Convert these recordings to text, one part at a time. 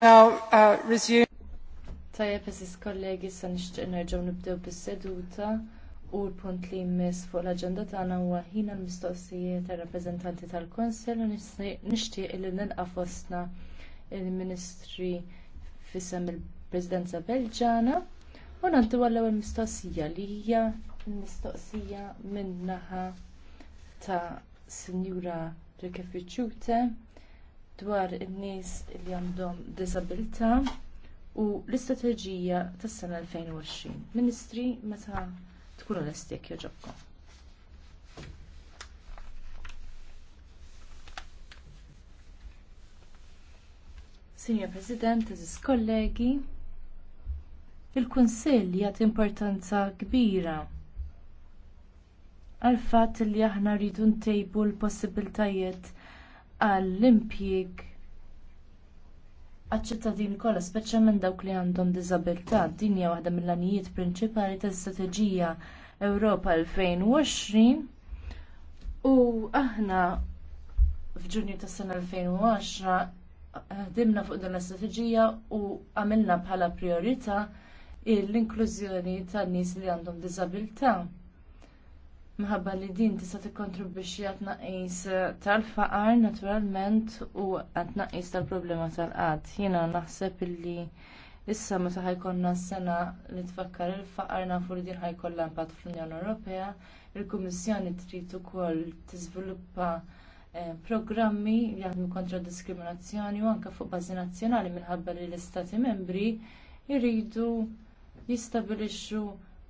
Uh, Tajjeb eżis kollegi se nixtieq nerġgħu nibdew bis-seduta u l-punt li jmiss fuq l-aġenda tagħna huwa ħin l-mistoqsijiet tar-rappreżentanti tal-Kunsell u nixtieq li nilqa' fostna il-Ministri f'isem il-Presidenza Belġana u nantu għall-ewwel mistoqsija li hija l-mistoqsija min-naħa ta' Sinjura Rekefiċute dwar in-nies li għandhom disabilità u l-istrateġija tas-sena 2020. Ministri, meta tkunu l-estek joġobkom. Signor President, eżis kollegi, il-Kunsill jagħti importanza kbira għal fatt li aħna rridu ntejbu l-possibiltajiet għall-impjieg għaċ-ċittadini kollha speċjalment dawk li għandhom diżabilità. Din hija waħda mill-għanijiet prinċipali tal-Istrateġija Ewropa 2020 u aħna f'Ġunju tas-sena 2010 ħdimna fuq din l-istrateġija u għamilna bħala priorità l-inklużjoni tan-nies li għandhom diżabilità. Mħabba li din tista' tikkontribwixxi għat tnaqqis tal-faqar naturalment u għat tnaqqis tal-problema tal qad Jiena naħseb illi issa meta ħajkonna s-sena li tfakkar il-faqar nafu li din ħajkollha impatt fl-Unjoni Ewropea, il-Kummissjoni trid ukoll tiżviluppa eh, programmi li jaħdmu kontra d diskriminazzjoni u anke fuq bażi nazzjonali minħabba li l-Istati membri jridu jistabilixxu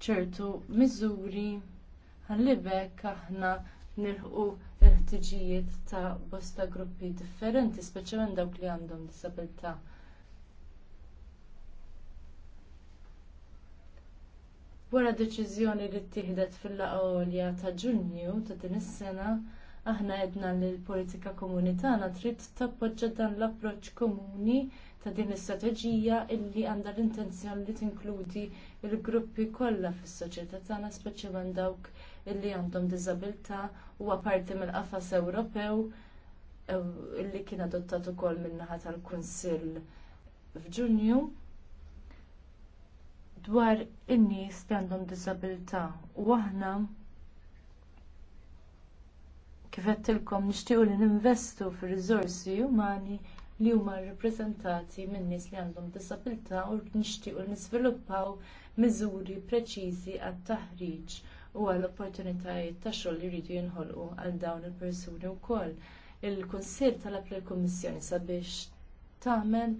ċertu miżuri ħallibek aħna nilħu l-ħtiġijiet ta' bosta gruppi differenti, speċjalment dawk li għandhom disabilità. Wara deċiżjoni li ttieħdet fil-laqgħa ta' Ġunju ta' din is-sena, aħna għedna li l-politika komunitana trid tappoġġa dan l-approċċ komuni ta' din is-strateġija illi għandha l-intenzjon li tinkludi l gruppi kollha fis-soċjetà tagħna speċjalment dawk illi għandhom diżabilità huwa parti mill-qafas Ewropew illi kien adottat ukoll min-naħa tal-Kunsill f'Ġunju dwar in-nies li għandhom diżabilità u aħna kif għedtilkom nixtiequ li ninvestu fir-riżorsi umani li huma rrappreżentati minn nies li għandhom disabilità u nixtiequ nisviluppaw miżuri preċiżi għat-taħriġ u għall opportunitajiet ta' xogħol li jridu jinħolqu għal dawn il-persuni wkoll. Il-Kunsill talab lill kummissjoni sabiex tagħmel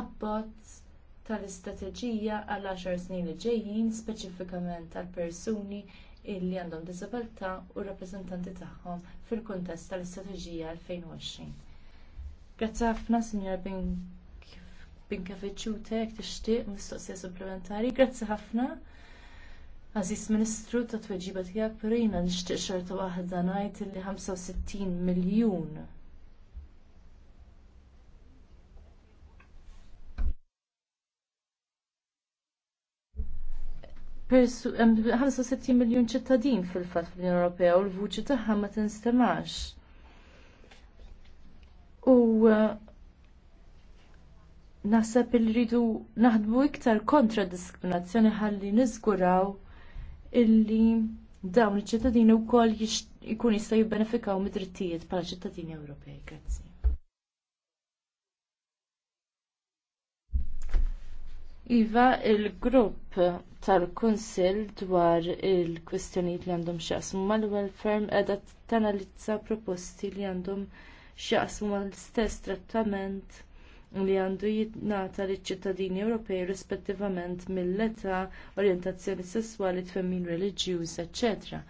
abbozz tal-istrateġija għal 10 snin li ġejjin speċifikament għal persuni illi għandhom diżabilità u r rappreżentanti tagħhom fil-kuntest tal-istrateġija 2020. Grazzi ħafna Sinjor Binkafiċu tixtieq mistoqsija supplementari. Grazzi ħafna. Aziz Ministru ta' tweġiba tiegħek perina nixtieq xorta waħda ngħid li 65 miljun Persu, 65 miljon ċittadin fil-fat fl-Unjoni Ewropea u l-vuċi tagħha ma tinstemax. U eh, naħseb il-ridu naħdbu iktar kontra diskriminazzjoni ħalli niżguraw illi dawn iċ-ċittadini wkoll ikun jistgħu jibbenefikaw mid-drittijiet bħala ċittadini Ewropej. Grazzi. Iva, il-grupp tal-Kunsill dwar il-kwistjonijiet li għandhom x'jaqsmu mal-welfare qiegħda tanalizza proposti li għandhom x'jaqsmu mal-istess trattament li għandu jitnata liċ ċittadini Ewropej rispettivament mill-età, orjentazzjoni sesswali, tfemmin reliġjuż, etc.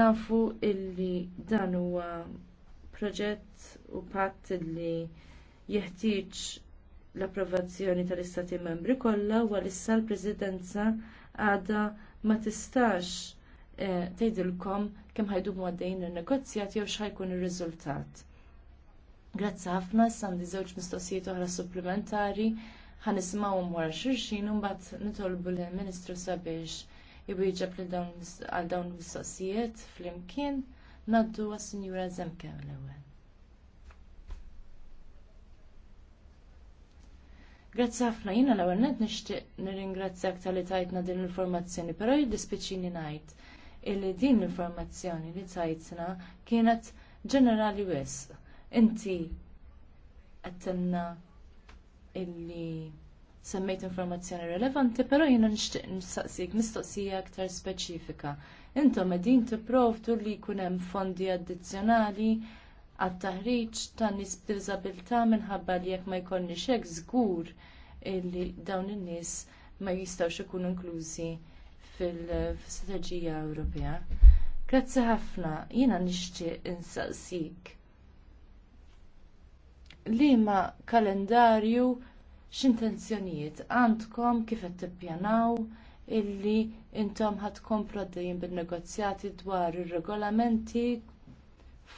Nafu illi dan huwa proġett u patt li jeħtieġ l-approvazzjoni tal-Istati membri kollha u għalissa l-Presidenza għadha ma tistax eh, tgħidilkom kemm ħajduhom għaddejjin in-negozjat jew x'ħajkun ir-riżultat. Grazzi ħafna, sandi żewġ mistoqsijiet oħra supplementari ħanismawhom wara xulxin u mbagħad nitolbu lill ministru sabiex iwieġeb għal dawn il-mistoqsijiet flimkien ngħaddu għas-Sinjura Zemke l-ewwel. Grazzi ħafna jiena l-ewwel nett nixtieq nirringrazzjak tal-li tajtna din l-informazzjoni, però jiddispiċini ngħid illi din l-informazzjoni li tajtna kienet ġenerali wisq. Inti għattenna illi semmejt informazzjoni relevanti, pero jina nishtiq nistaqsik, mistoqsija aktar speċifika. Intom edin tipprovdu li jkun hemm fondi addizzjonali għat-taħriġ ta' nies b'diżabilità minħabba li jekk ma jkollniex hekk żgur illi dawn in-nies ma jistgħux ikun inklużi fil strategija Ewropea. Grazzi ħafna, jiena nixtieq insaqsik liema kalendarju x'intenzjonijiet għandkom kif qed tippjanaw illi intom ħad komploddejjin bin-negozjati dwar ir-regolamenti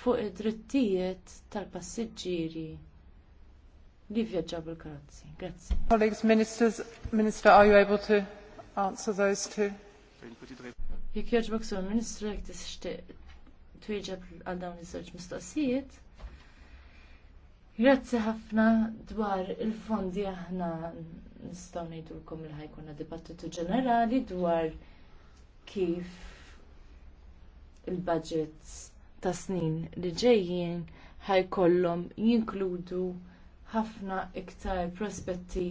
fuq id-drittijiet tal-passiġġieri li vjaġġaw bil-karozzi. Grazzi. Colleagues, ministers, minister, are you able to answer those two? Jekk jogħġbok sur ministru jekk tixtieq twieġeb għal dawn iż-żewġ mistoqsijiet, Grazzi ħafna dwar il-fondi aħna nistgħu ngħidulkom li ħajkun dibattitu ġenerali dwar kif il-budgets ta' snin li ġejjin ħajkollhom jinkludu ħafna iktar prospetti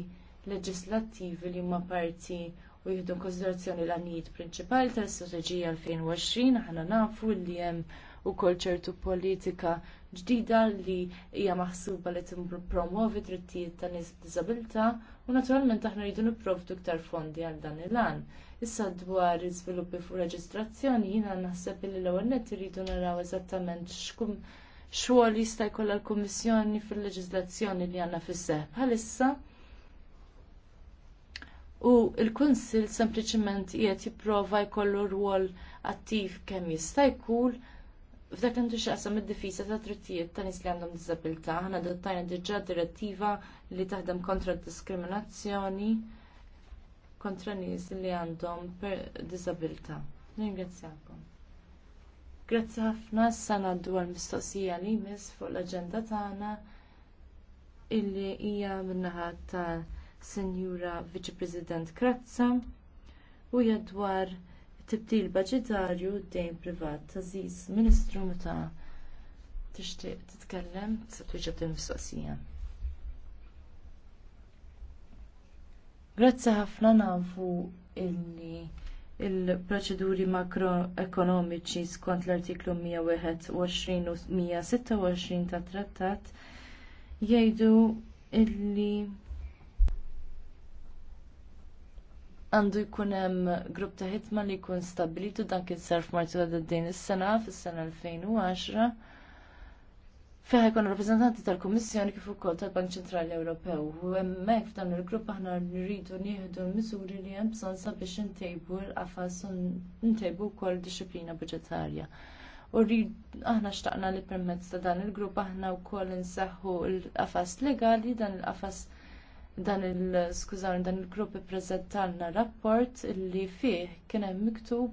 leġislattivi li huma parti u jieħdu konsiderazzjoni l-għanijiet prinċipali tal-Strateġija 2020 aħna nafu li hemm ukoll ċertu politika ġdida li hija maħsuba li tippromovi drittijiet ta' nies b'diżabilità u naturalment aħna rridu nipprovdu iktar fondi għal dan il-għan. Issa dwar iżviluppi fuq reġistrazzjoni jiena naħseb li l-ewwel nett irridu naraw eżattament x'kum xogħol jista' jkollha l-Kummissjoni fil-leġiżlazzjoni li għandna fis-seħħ bħalissa. U l-Kunsill sempliċement qiegħed jipprova jkollu rwol attiv kemm jista' jkun F'dak għandu xaqsam id-difisa ta' trittijiet ta' nies li għandhom diżabilità, ħana adottajna diġà direttiva li taħdem kontra d diskriminazzjoni kontra nies li għandhom diżabilità. Ringrazzjakom. Grazzi ħafna s-sana dwar mistoqsija li jmiss fuq l aġenda tagħna illi hija min-naħa ta' Senjura Viċi President Krazza u jadwar dwar tibdil budgetarju dejn privat Ziz Ministru meta tixtieq titkellem se twieġeb din mistoqsija. Grazzi ħafna nafu illi il-proċeduri makroekonomiċi skont l-artiklu 121 u 126 tat trattat jgħidu illi għandu jkun hemm grupp ta' ħitma li jkun stabilitu dan kien sar f'Martu din is-sena fis-sena 2010 fejn jkun rappreżentanti tal-Kummissjoni kif ukoll tal-Bank Ċentrali Ewropew. U hemmhekk f'dan il-grupp aħna rridu nieħdu l-miżuri li hemm bżonn sabiex intejbu l-qafas u ntejbu wkoll disciplina budġetarja. U rrid aħna xtaqna li permezz ta' dan il-grupp aħna wkoll inseħħu l-qafas legali dan il-qafas legali dan il-skużar dan il-grupp ippreżentalna rapport li fih kien hemm miktub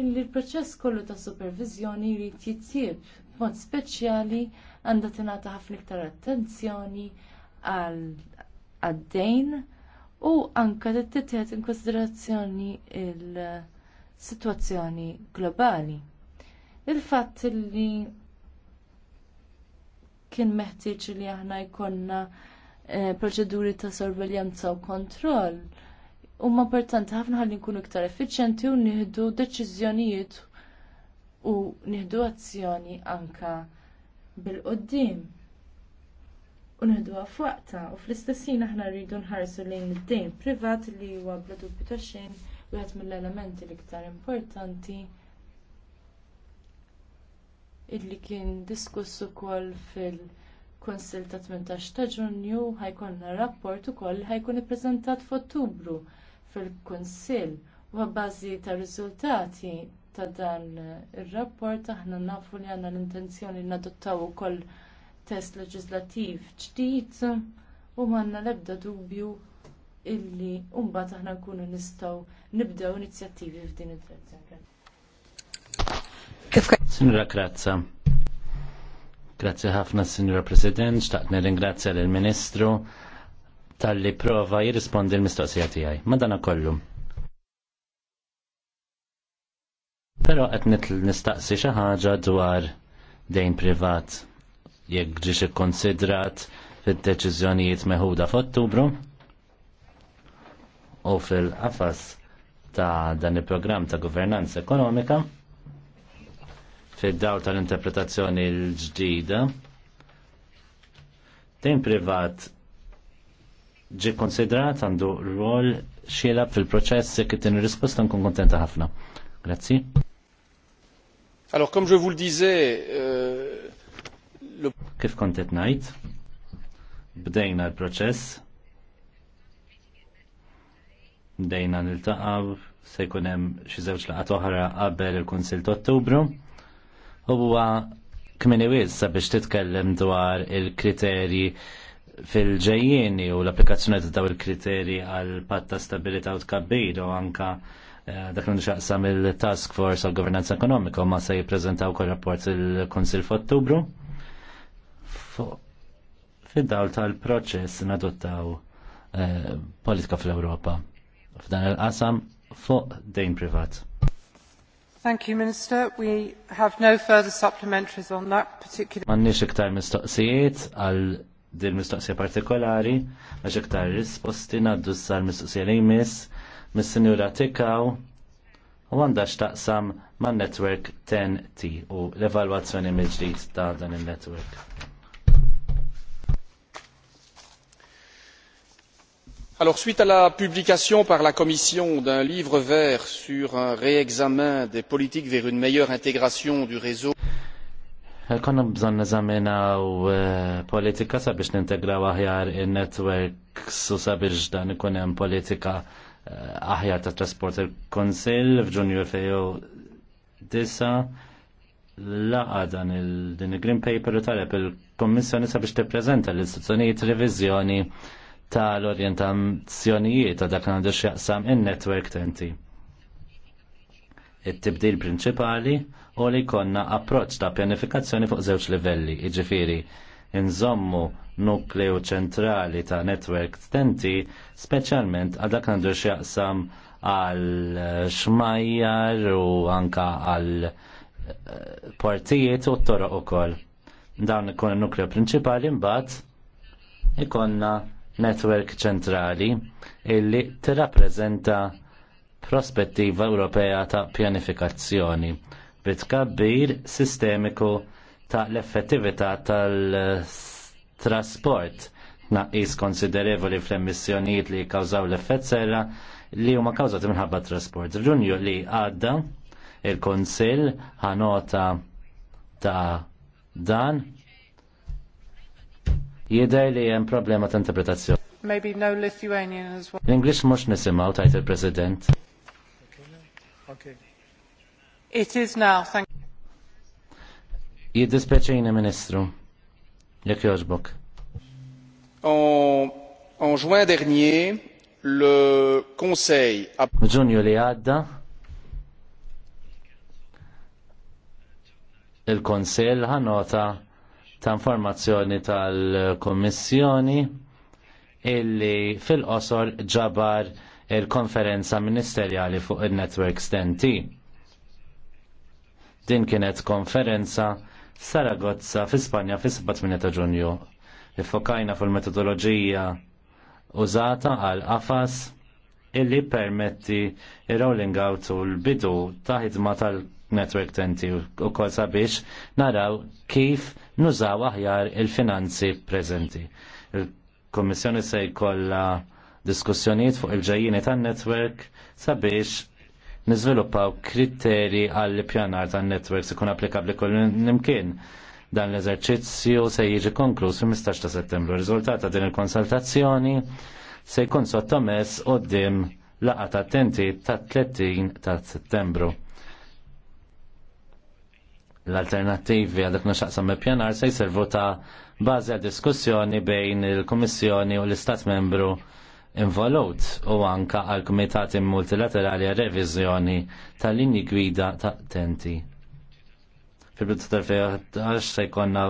illi l-proċess kollu ta' supervizjoni jrid jitjieb b'mod speċjali għandha tingħata ħafna iktar attenzjoni għal għaddejn u anke tittieħed in konsiderazzjoni il-sitwazzjoni globali. Il-fatt li kien meħtieġ li aħna jkollna Eh, proċeduri ta' sorveljanza u kontroll. Huma importanti ħafna ħalli nkunu iktar effiċjenti u nieħdu deċiżjonijiet u nieħdu azzjoni anka bil-qoddim. U nieħdu f'waqta u fl-istessin aħna rridu nħarsu lejn id-dejn privat li huwa bla dubju ta' xejn wieħed mill-elementi l-iktar importanti illi kien diskuss ukoll fil- kunsill ta' 18 ta' Ġunju ħajkonna rapport ukoll ħajkun ippreżentat f'Ottubru fil-Kunsill u bażi tar riżultati ta' dan ir-rapport aħna nafu li għandna l-intenzjoni nadottaw ukoll test leġislattiv ġdid u m'għandna l-ebda dubju illi mbagħad aħna nkunu nistgħu nibdew inizjattivi f'din id-direzzjoni. Kif Sinra Krazza, Grazzi ħafna, Signora President, xtaqt nir-ingrazzja l-Ministru tal-li prova jirrispondi l-mistoqsija tijaj. Madana kollu. Pero qed nistaqsi xi ħaġa dwar dejn privat jekk ġiex ikkonsidrat fid-deċiżjonijiet meħuda f'Ottubru u fil-qafas ta' dan il-programm ta' governanza ekonomika fid-dawl tal-interpretazzjoni l-ġdida. Din privat ġi konsidrat għandu rol xielab fil-proċess kif tin risposta nkun kontenta ħafna. Grazzi. Alors, kom je vul dize. Euh, kif kontet najt? Bdejna l-proċess. Bdejna nil-taqaw, se jkun hemm xi żewġ laqgħat oħra qabel il-Kunsil ta' Ottubru huwa kmini wissa biex titkellem dwar il-kriterji fil ġejjeni u l-applikazzjoni ta' daw il-kriterji għal patta stabilita u tkabbir u anka eh, dak li xaqsam il-Task Force għal Governanza Ekonomika u ma se jippreżentaw kol rapport il-Konsil f'Ottubru. Fid-dawl tal-proċess nadottaw eh, politika fl-Ewropa f'dan il-qasam fuq dejn privat. Thank you, Minister. We have no further supplementaries on that particular... Mannix iktar mistoqsijiet għal din mistoqsija partikolari, għax iktar risposti naddu s-sar mistoqsija li jmiss, mis-senjura tikaw, u għandax taqsam ma' network 10T u l-evalwazzjoni mill-ġdid ta' dan il-network. Alors, suite à la publication par la Commission d'un livre vert sur un réexamen des politiques vers une meilleure intégration du réseau bżon eh, politika sabiex nintegraw aħjar il sabiex dan ikun hemm politika eh, aħjar ta' f'Ġunju disa laqa dan il green paper u il-Kommissjoni sabiex tippreżenta l-istituzzjonijiet reviżjoni tal-orientazzjonijiet ta' dak għandu xjaqsam in-network tenti. It-tibdil prinċipali u li konna approċ ta' pjanifikazzjoni fuq żewġ livelli, iġifiri, nżommu nukleu ċentrali ta' network tenti, speċjalment għal dak għandu xjaqsam għal xmajjar u anka għal eh, partijiet u t-toroq u koll. Dawn ikon il-nukleo prinċipali mbagħad ikonna netwerk ċentrali illi tirrappreżenta prospettiva Ewropea ta' pjanifikazzjoni bitkabbir sistemiku ta' l-effettività tal-trasport tnaqqis konsiderevoli fl-emissjonijiet li kawżaw l-effett serra li huma kawżati minħabba trasport. F'Ġunju li għadda il-Konsil ħanota ta' dan Jider li hemm problema ta' interpretazzjoni. Maybe no Lithuanian as well. l inglis mux nisimaw tajt il-President. Okay. It is now, thank you. Jiddispeċina, Ministru. jek jogħġbok. En, en juin dernier, le Conseil a... Ġunju li għadda, il-Konsell ħanota ta' informazzjoni tal-Kommissjoni illi fil-qosor ġabar il-konferenza ministerjali fuq il-Network Stenti. Din kienet konferenza Saragozza fi Spanja fi 7 ta' ġunju. Ifokajna fuq il-metodoloġija użata għal qafas illi permetti il-rolling out u l-bidu ta' ħidma tal-Network tenti u kol sabiex naraw kif nużaw aħjar il-finanzi preżenti. Il-Kommissjoni se jkollha diskussjonijiet fuq il-ġajjini tan-netwerk sabiex niżviluppaw kriterji għall pjanar tan-netwerks ikun applikabbli kull nimkien. Dan l-eżerċizzju se jiġi konkluż fil-15 ta' settembru. Riżultat ta' din il-konsultazzjoni se jkun sottomess qudiem laqa ta' tenti ta' 30 ta' settembru l-alternativi dak nuxaqsam me pjanar se jservu ta' bazi għad diskussjoni bejn il-Komissjoni u l-Istat membru involut u anka għal komitati multilaterali għal revizjoni tal-linji gwida ta' tenti. Fil-bidu tal-2011 se jkonna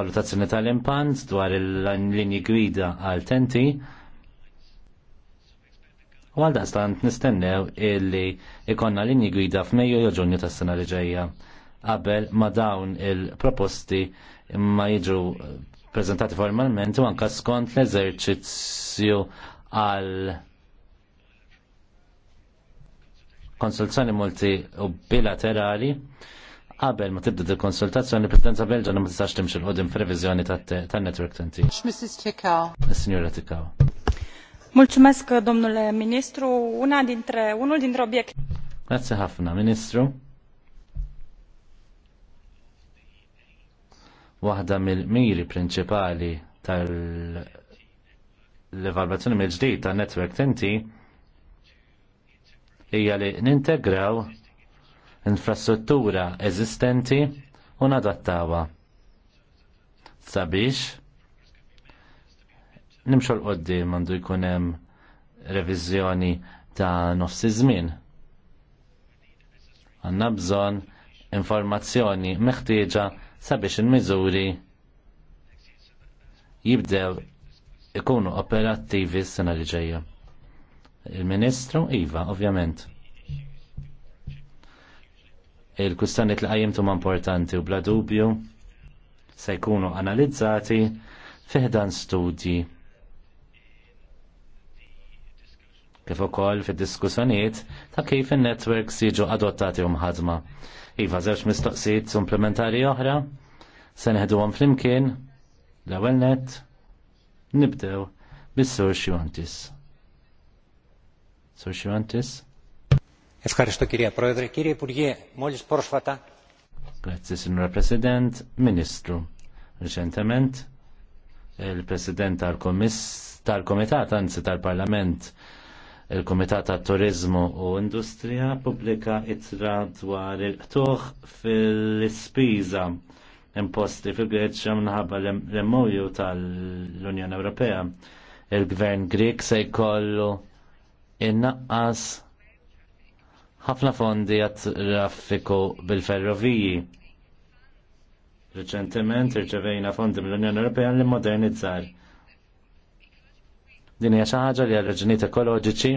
valutazzjoni tal-impant dwar il-linji gwida għal tenti u għal dastant nistennew illi ikonna linji gwida f'Mejju jew Ġunju tas-sena li ġejja qabel ma dawn il-proposti ma jiġu eh, prezentati formalment u anka skont l-eżerċizzju għal konsultazzjoni multi u bilaterali qabel ma tibda il-konsultazzjoni l-Presidenza Belġa ma tistax timx qudiem f'reviżjoni tan-network tanti. Mrs. Tikaw. Signora Tikaw. Mulțumesc, domnule ministru. Una dintre, unul dintre obiect. Grazie ħafna, ministru. Waħda mill-miri prinċipali tal-evalvazzjoni mill-ġdid ta' netwerk tinti hija li nintegraw infrastruttura eżistenti u nadattawa sabiex nimxu l-qoddim għandu jkun hemm reviżjoni ta' nofsi żmien. Għandna bżonn informazzjoni meħtieġa sabiex il-miżuri jibdew ikunu operattivi s-sena li ġejja. Il-Ministru Iva, ovvjament. Il-kustanet li qajjimtu ma' importanti u bla dubju se jkunu analizzati fiħdan studji kif ukoll fid-diskussjonijiet ta' kif in-networks jiġu adottati u mħadma. Iva, żewġ mistoqsijiet supplementari oħra, se neħdu għom flimkien, l-ewel net, nibdew bis-sur xjontis. Sur xjontis? Ευχαριστώ kirja, Πρόεδρε. kirja purje, mollis πρόσφατα... Grazie, signora President, Ministru. Recentement, il-President tal-Komitat, anzi tal-Parlament, tal komitat anzi tal parlament il-Komitat ta' Turizmu u Industrija pubblika itra dwar il-ħtuħ fil-spiża imposti fil-Greċja minħabba l-emmoju tal-Unjoni Ewropea. Il-Gvern Grik se jkollu innaqqas ħafna fondi għat traffiku bil-ferroviji. Reċentement irċevejna fondi mill-Unjoni Ewropea li modernizzar Din hija xi ħaġa li għal raġunijiet ekoloġiċi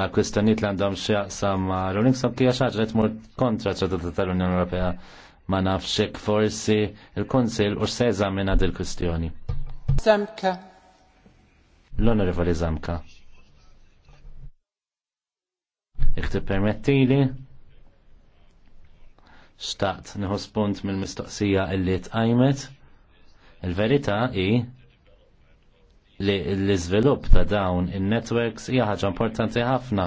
għal kwistjonijiet li għandhom x'jaqsam ma' Rolling Stone hija xi ħaġa li tmur kontra ċ-ċadat tal-Unjoni Ewropea ma nafx hekk forsi l kunsill u se din il kwistjoni Zamka. L-Onorevoli Zamka. Ikti permettili xtaqt nħu spunt mill-mistoqsija illi tqajmet. Il-verità hi li l-iżvilupp ta' dawn in-networks hija ħaġa importanti ħafna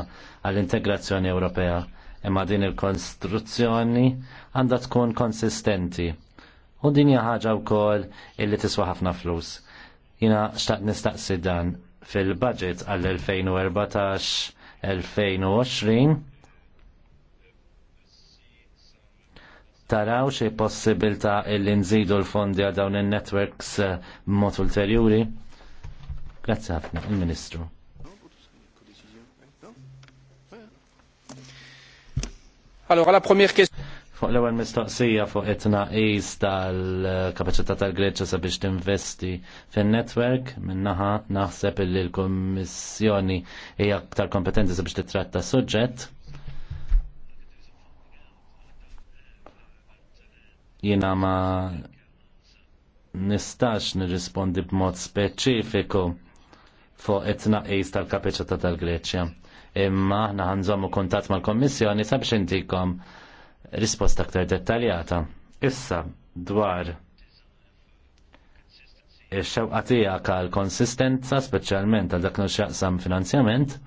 għall-integrazzjoni Ewropea imma din il-konstruzzjoni għandha tkun konsistenti. U din hija ħaġa wkoll illi tiswa ħafna flus. Jina xtaqt nistaqsi dan fil-budget għall-2014-2020 taraw xi possibilità illi nżidu l-fondi għal dawn in networks b'mod ulterjuri? Grazie ħafna, il-Ministru. Allora, la première question. Fuq l-ewwel mistoqsija fuq etna is tal kapacità tal-Greċja sabiex tinvesti fin-netwerk minnaħa naħseb li l kommissjoni hija aktar kompetenti sabiex titratta suġġett. Jiena ma nistax nirrispondi b'mod speċifiku fuq it-tnaqqis tal-kapaċità tal-Greċja. Imma aħna ħanżommu kuntatt mal-Kommissjoni sabiex intikom risposta aktar dettaljata. Issa dwar ix-xewqa tiegħek għall konsistenza speċjalment għal dak xaqsam finanzjament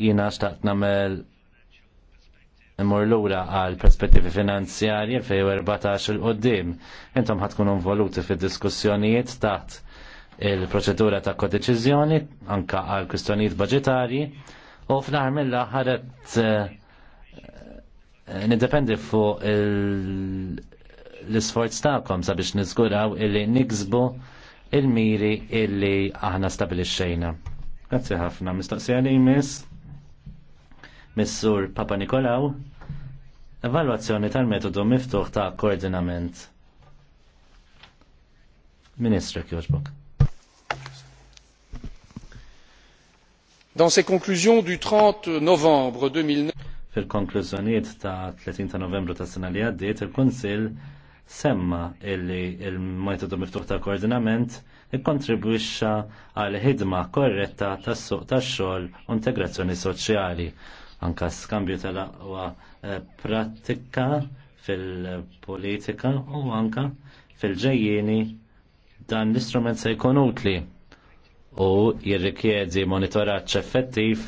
jiena xtaqt nagħmel imur lura għal perspettivi finanzjarji fej 14 il qoddim Intom ħatkun involuti fid diskussjonijiet taħt il-proċedura ta' kodeċizjoni anka għal kwistjonijiet budgetari u fl-aħħar mill-aħħar eh, nidependi fuq l-isforz tagħkom sabiex niżguraw illi niksbu il-miri illi aħna stabilixxejna. Grazzi ħafna, mistoqsija li jmiss Missur Papa Nikolaw, evalwazzjoni tal-metodu miftuħ ta' koordinament. Ministru Kjoġbok. Dans ses conclusions du 30 novembre 2009, fil-konklużjonijiet ta' 30 ta' novembru ta' sena li għaddiet, il-Kunsill semma illi il-metodu miftuħ ta' koordinament ikkontribwixxa għal ħidma korretta tas-suq tax-xogħol u integrazzjoni soċjali. Anka skambju tal-aqwa eh, prattika fil-politika u anka fil-ġejjieni dan l-istrument se jkun utli u jirrikjedi monitoraġġ effettiv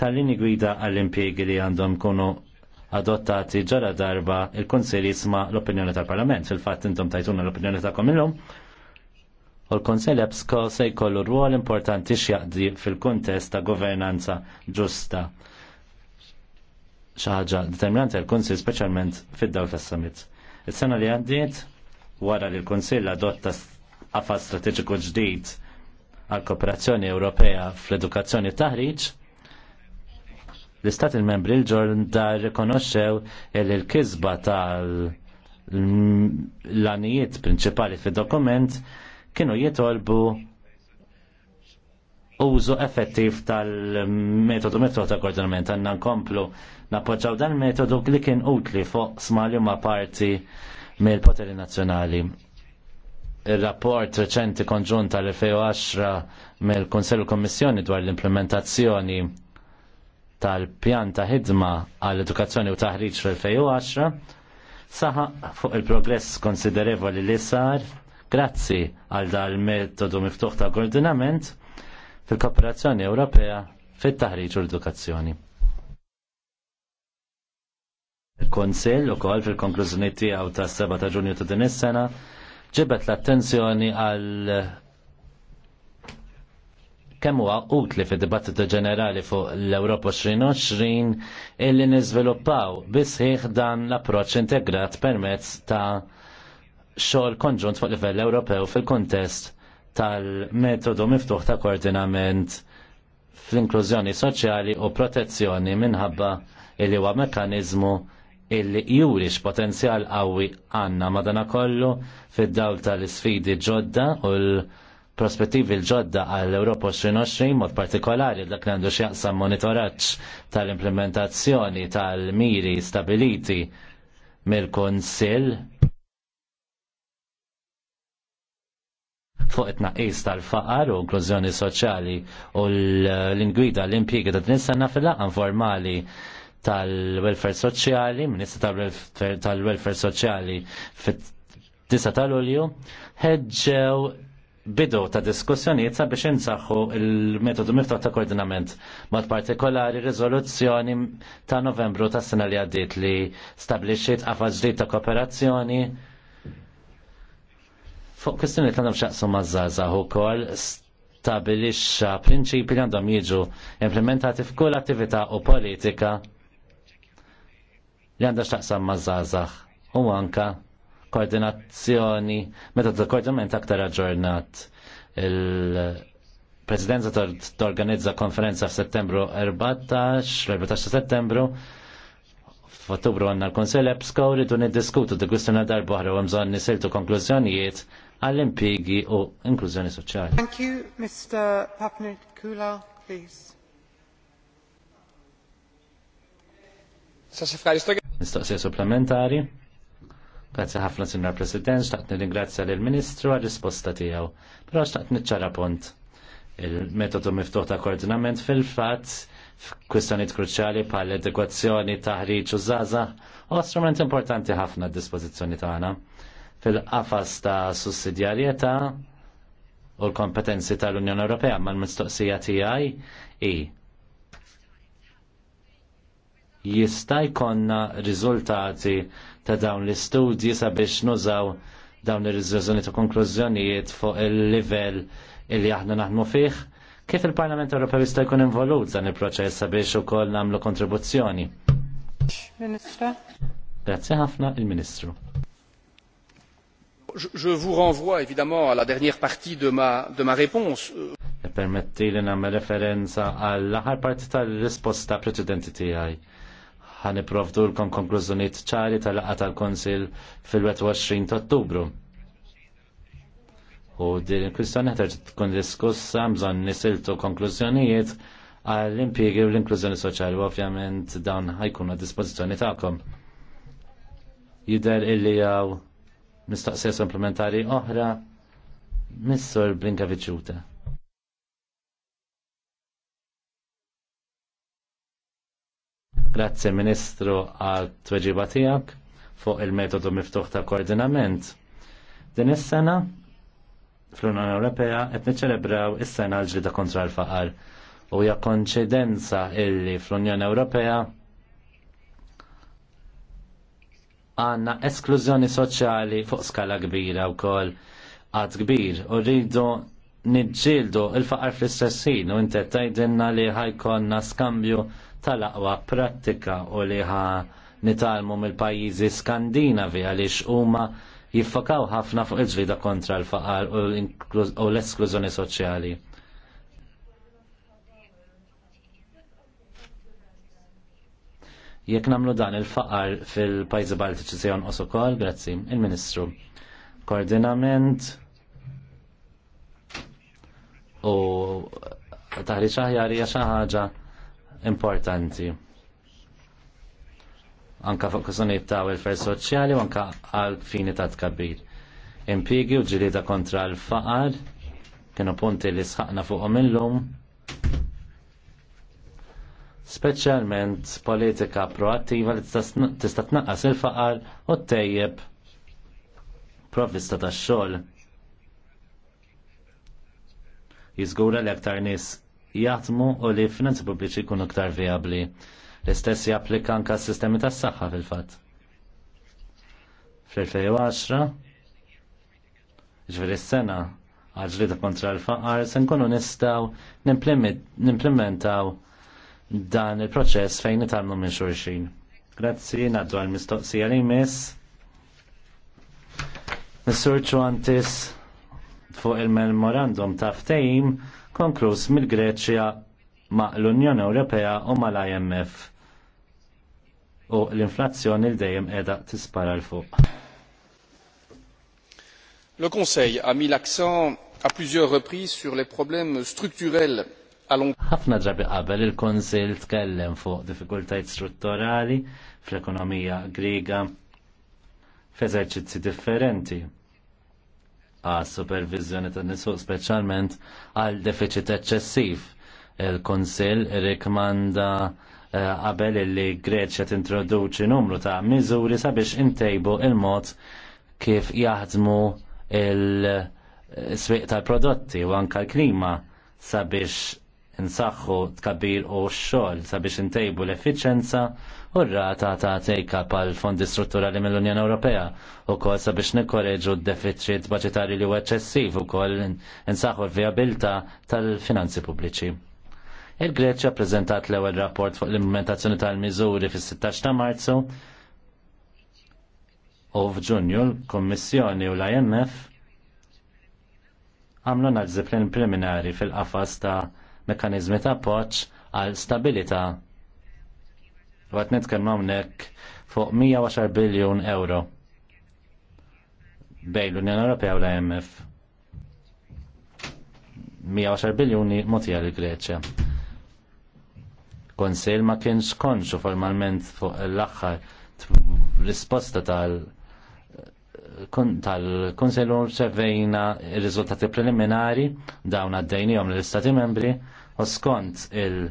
tal-lini gwida għall impiegi li għandhom kunu adottati ġara darba il-Konsil jisma l-opinjoni tal-Parlament. fil fat intom tajtuna l-opinjoni ta' komillum. U l-Konsil EBSCO se jkollu rwol importanti x'jaqdi fil-kuntest ta' governanza ġusta. ħaġa determinanti l-Konsil speċjalment fid-dawl tas-summit. Is-sena li għaddiet wara li l-Konsil adotta għafa strateġiku ġdid għal kooperazzjoni Ewropea fl-edukazzjoni u taħriġ, l-Istati membri l-ġorda rikonoxxew li l-kizba tal-lanijiet prinċipali fil-dokument kienu jitolbu użu effettiv tal-metodu metodu ta' koordinament għanna nkomplu nappoġġaw dan metodu li kien utli fuq smal ma parti mill-poteri nazzjonali il-rapport reċenti konġunt tal-2010 mill kunsell Kommissjoni dwar l-implementazzjoni tal-pjan ta' ħidma għall-edukazzjoni u taħriġ fl-2010 saħa fuq il-progress konsiderevoli li sar grazzi għal dal metodu miftuħ ta' koordinament fil-Kooperazzjoni Ewropea fit-taħriġ u l-edukazzjoni. il konsell u fil-konklużjoni tiegħu tas-7 ta' Ġunju ta' din is-sena ġibet l-attenzjoni għal kemm huwa utli fid-dibattitu ġenerali fuq l-Ewropa 2020 illi niżviluppaw bisħiħ dan l-approċċ integrat permezz ta' xogħol konġunt fuq livell Ewropew fil-kuntest tal-metodu miftuħ ta' koordinament fl-inklużjoni soċjali u protezzjoni minħabba illi huwa mekkaniżmu il-juris potenzjal qawwi għanna madana kollu fid-dawl tal-sfidi ġodda u l-prospettivi l-ġodda għall europa 2020 mod partikolari dak li għandu xjaqsam monitoraġġ tal-implementazzjoni tal-miri stabiliti mill konsil fuq it-naqis tal-faqar u inklużjoni soċjali u l-ingwida l-impjiegi ta' din fil-laqan formali tal-welfare soċjali, Ministru tal-welfare soċjali fit-9 ta' Lulju, ħeġġew bidu ta' diskussjonijiet sabiex insaħħu il-metodu miftuħ ta' koordinament mod partikolari riżoluzzjoni ta' novembru ta' sena li għaddiet li stablixiet qafas ġdid ta' kooperazzjoni fuq kwistjoni ta' nafxaqsu maż-żaza ukoll stabilixxa prinċipi li għandhom jiġu implementati f'kull attività u politika li għandha x'taqsam maż-żgħażagħ u anka koordinazzjoni, meta koordinament aktar aġġornat il-Presidenza torganizza konferenza f'Settembru 14, l-14 Settembru, f'Ottubru għanna l-Konsell Epsko rridu niddiskutu di kwistjoni darba oħra u bżonn nisiltu konklużjonijiet għall-impjigi u inklużjoni soċjali. Thank you, Mr. Kula, please. Mistoqsija supplementari. Grazzi ħafna, Sinjor President, xtaqt nirringrazzja lill ministru għal risposta tiegħu. Però xtaqt niċċara punt. Il-metodu miftuħ ta' koordinament fil-fatt f'kwistjonijiet kruċjali l edukazzjoni, taħriġ u zaza, huwa strument importanti ħafna d-dispożizzjoni tagħna. Fil-qafas ta' sussidjarjetà u l-kompetenzi tal-Unjoni Ewropea mal-mistoqsija tiegħi i jista' jkollna riżultati ta' dawn l-istudji sabiex nużaw dawn ir-riżoluzzjoni ta' konklużjonijiet fuq il-livell illi aħna naħdmu fih. Kif il-Parlament Ewropew jista' jkun involut dan il-proċess sabiex ukoll nagħmlu kontribuzzjoni? Ministra. Grazie ħafna il-Ministru. Je vous renvoie évidemment à la dernière partie de ma, de ma réponse. Permetti li nagħmel referenza għall-aħħar parti tal-risposta preċedenti tiegħi ħan l konklużjonijiet ċari tal laqqa tal-Konsil fil-21 ta' Ottubru. U din il-kwistjoni ħtarġ tkun diskussa mżon nisiltu konklużjonijiet għall-impjiegi u l-inklużjoni soċjali u ovvjament dawn ħajkunu a dispożizzjoni tagħkom. Jidher illi jew mistaqsija supplementari oħra Missor Blinka Viċuta. Grazzi Ministru għal tweġiba tiegħek fuq il-metodu miftuħ ta' koordinament. Din is-sena fl-Unjoni Ewropea qed niċċelebraw is-sena l-ġlida kontra l-faqar u hija konċidenza illi fl-Unjoni Ewropea għanna esklużjoni soċjali fuq skala kbira wkoll għad kbir u rridu niġġieldu il-faqar fl-istessin u inti tajdinna li ħajkonna skambju tal-aqwa prattika u li ħa nitalmu mill-pajjiżi skandinavi għaliex huma jiffakaw ħafna fuq il-ġlida kontra l-faqar u l-esklużjoni soċjali. Jekk namlu dan il-faqar fil-pajzi baltiċi se jonqos ukoll, grazzi, il-Ministru. Koordinament u taħriġ aħjar hija xi ħaġa importanti. Anka fuq kwistjonijiet ta' welfare soċjali u anka għal fini ta' tkabbir. Impigi u ġilida kontra l-faqar kienu punti li sħaqna fuqhom illum. Speċjalment politika proattiva li tista' tnaqqas il-faqar u tejjeb provvista tax xogħol. Jiżgura li aktar nies jaħdmu u li finanzi pubbliċi jkunu aktar viabli. L-istess japplika anka s-sistemi tas-saħħa fil-fatt. Fl-2010, ġveri s-sena, ta' kontra l-faqar, sen nkunu nistaw nimplementaw dan il-proċess fejn nitalmu minn xurxin. Grazzi, naddu għal-mistoqsija li jmiss. Missur għantis fuq il-memorandum ta' ftejm konkluż mill-Greċja ma' l-Unjoni Ewropea u mal imf u l-inflazzjoni l dejjem qiegħda tispara l fuq. Le Conseil a mis l'accent à plusieurs reprises sur les problèmes structurels à long Ħafna drabi qabel il-Konsil tkellem fuq diffikultajiet strutturali fl-ekonomija griega f'eżerċizzi differenti għal supervizjoni tan nisuq speċjalment għal deficit eċċessiv. Il-Konsil rikmanda eh, qabel uh, li Greċja tintroduċi numru ta' miżuri sabiex intejbu il-mod kif jaħdmu il-swiq tal-prodotti u anka l-klima sabiex insaħħu tkabbir u x-xogħol sabiex intejbu l-effiċenza u rata ta' tejka pal fondi strutturali mill-Unjoni Ewropea u kol sabiex nikkoreġu d-deficit budgetari li u eċessiv u kol insaħu l-viabilta tal-finanzi pubbliċi. Il-Greċja prezentat l ewwel rapport fuq l-implementazzjoni tal-miżuri fis-16 ta' Marzu u f'Ġunju l-Kommissjoni u l-IMF għamlu analiżi preliminari fil-qafas ta' mekanizmi ta' poċ għal stabilita' Għat netkelmu hawnhekk fuq 110 biljun euro bejn l-Unjoni Ewropea u l-IMF. 110 biljuni motija l greċja Konsil ma kienx konxu formalment fuq l-axħar risposta tal- tal-Konsellu ċevejna il-rizultati preliminari dawn għaddejnijom l-Istati membri u skont il-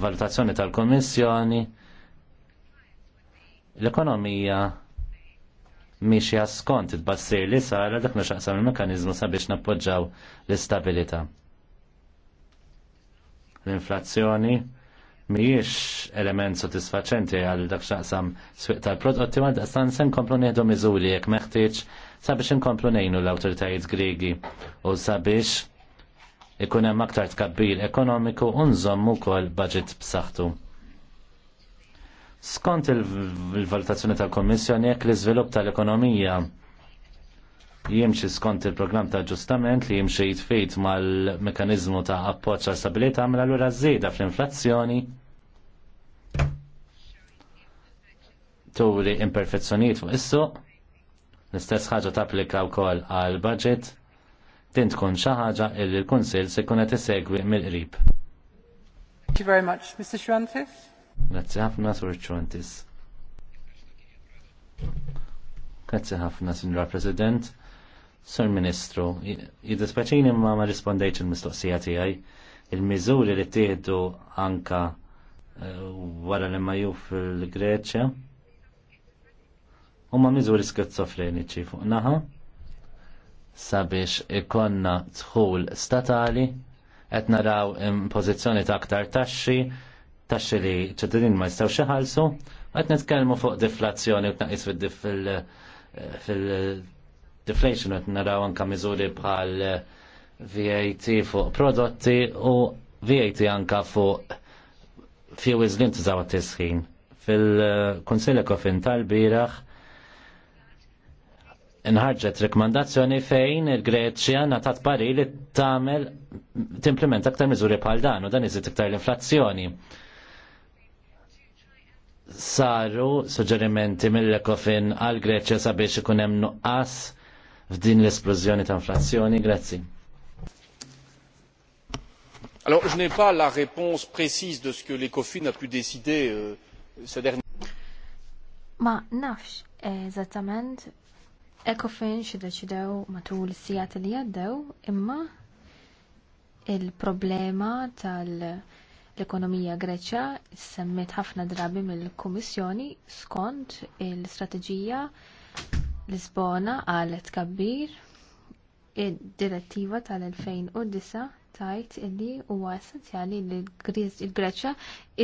valutazzjoni tal-Kommissjoni l-ekonomija miex jaskont il-bassir li sar dak nixaqsam il-mekanizmu sabiex nappoġġaw l-istabilita. L-inflazzjoni miex element sotisfaċenti għal dak xaqsam swiq tal-prodotti għal daqstan sen komplu nieħdu miżuri jekk meħtieġ sabiex inkomplu nejnu l-autoritajiet gregi u sabiex ikun hemm aktar tkabbir ekonomiku u nżommu wkoll budget b'saħħtu. Skont il-valutazzjoni tal-Kommissjoni jekk l-iżvilupp tal-ekonomija jimxi skont il-programm ta' ġustament li jimxi jitfid mal-mekanizmu ta' appoċ għal stabilita mela għamil għallura zida fl-inflazzjoni turi imperfezzjoniet fuq is-suq l-istess ħaġa tapplika wkoll għal budget din tkun xi ħaġa li l-Kunsill se jkun qed isegwi mill-qrib. Thank you very much, Mr. Schwantis. Grazzi ħafna, Sur Schwantis. Grazzi ħafna, Sinra President. Sir Ministru, jiddispaċini ma ma rispondejċ il-mistoqsija tiegħi. Il-miżuri li tieħdu anka eh, wara li maju fil-Greċja huma miżuri skizofreniċi fuq naħa sabiex ikonna dħul statali, qed naraw impożizzjoni ta' aktar taxxi, taxxi li ċittadin ma jistgħux iħallsu, qed nitkellmu fuq deflazzjoni u tnaqis fil-deflation qed naraw anke miżuri bħal VAT fuq prodotti u VAT anke fuq fuels li ntużaw t-tisħin. fil kunsilli Kofin tal-biraħ nħarġet rekomandazzjoni fejn il-Greċja natat pari li tamel timplementa aktar miżuri bħal dan u dan iżid iktar l-inflazzjoni. Saru suġġerimenti mill-Ekofin għal Greċja sabiex ikun hemm nuqqas f'din l-esplużjoni ta' inflazzjoni. Grazzi. Alors, je n'ai pas la réponse précise de ce que l'ECOFIN a pu décider euh, ces derniers. Ma nafx eżattament eh, Ekofin xideċidew matul is-sijat li għaddew imma il-problema tal-ekonomija Greċa semmet ħafna drabi mill-Kummissjoni skont il-strateġija Lisbona għalet kabbir id-direttiva tal-2009 tajt illi huwa essenzjali li l greċa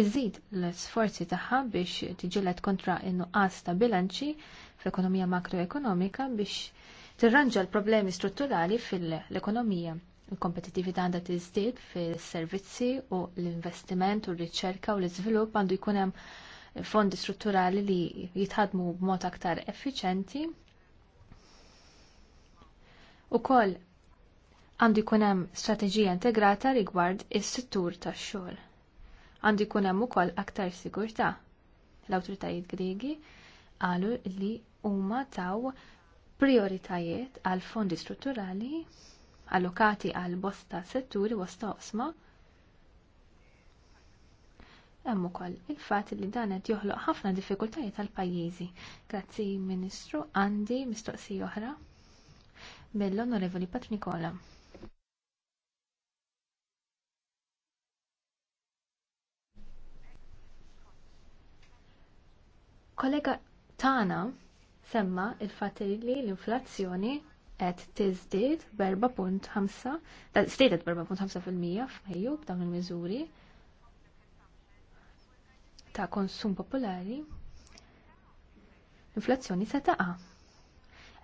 iżid l-sforzi tagħha biex tiġilet kontra in-nuqqas ta' bilanċi fl-ekonomija makroekonomika biex tirranġa l-problemi strutturali fil-ekonomija. Il-kompetitività għandha tiżdied fis-servizzi u l-investiment u r-riċerka u l-iżvilupp għandu jkun hemm fondi strutturali li jitħadmu b'mod aktar effiċenti. Ukoll għandu jkun hemm strateġija integrata rigward is-settur tax-xogħol. Għandu jkun hemm ukoll aktar sigurtà l-awtoritajiet Griegi qalu li huma taw prioritajiet għal fondi strutturali allokati għal bosta setturi bosta osma Hemm ukoll il-fatt li dan qed joħloq ħafna diffikultajiet għal pajjiżi. Grazzi Ministru għandi mistoqsija oħra mill-Onorevoli Patrnikola. Kollega tagħna semma il-fatt li l-inflazzjoni qed tiżdied b'4.5 stiedet b'4.5 fil-mija f'Mejju b'dawn il-miżuri ta' konsum popolari, l-inflazzjoni se taqa'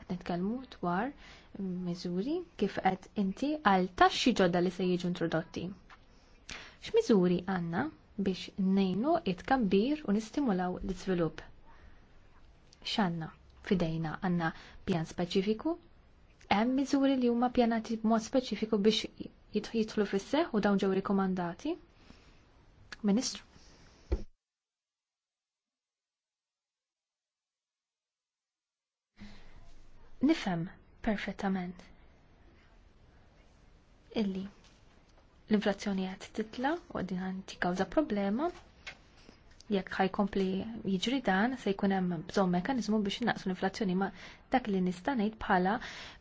Qed nitkellmu dwar miżuri kif qed inti għal taxxi ġodda li se jiġu introdotti. X'miżuri għandna biex nejnu it-kabbir u nistimulaw l-iżvilupp? X'għandna fidejna għandna pjan speċifiku, hemm miżuri li huma pjanati b'mod speċifiku biex jidħlu fis-seħħ u dawn ġew rikomandati. Ministru. Nifhem perfettament illi l-inflazzjoni qed titla u għadin għanti kawza problema jekk ħajkompli jiġri dan se jkun hemm bżonn mekanizmu biex innaqsu l-inflazzjoni ma dak li nista' ngħid bħala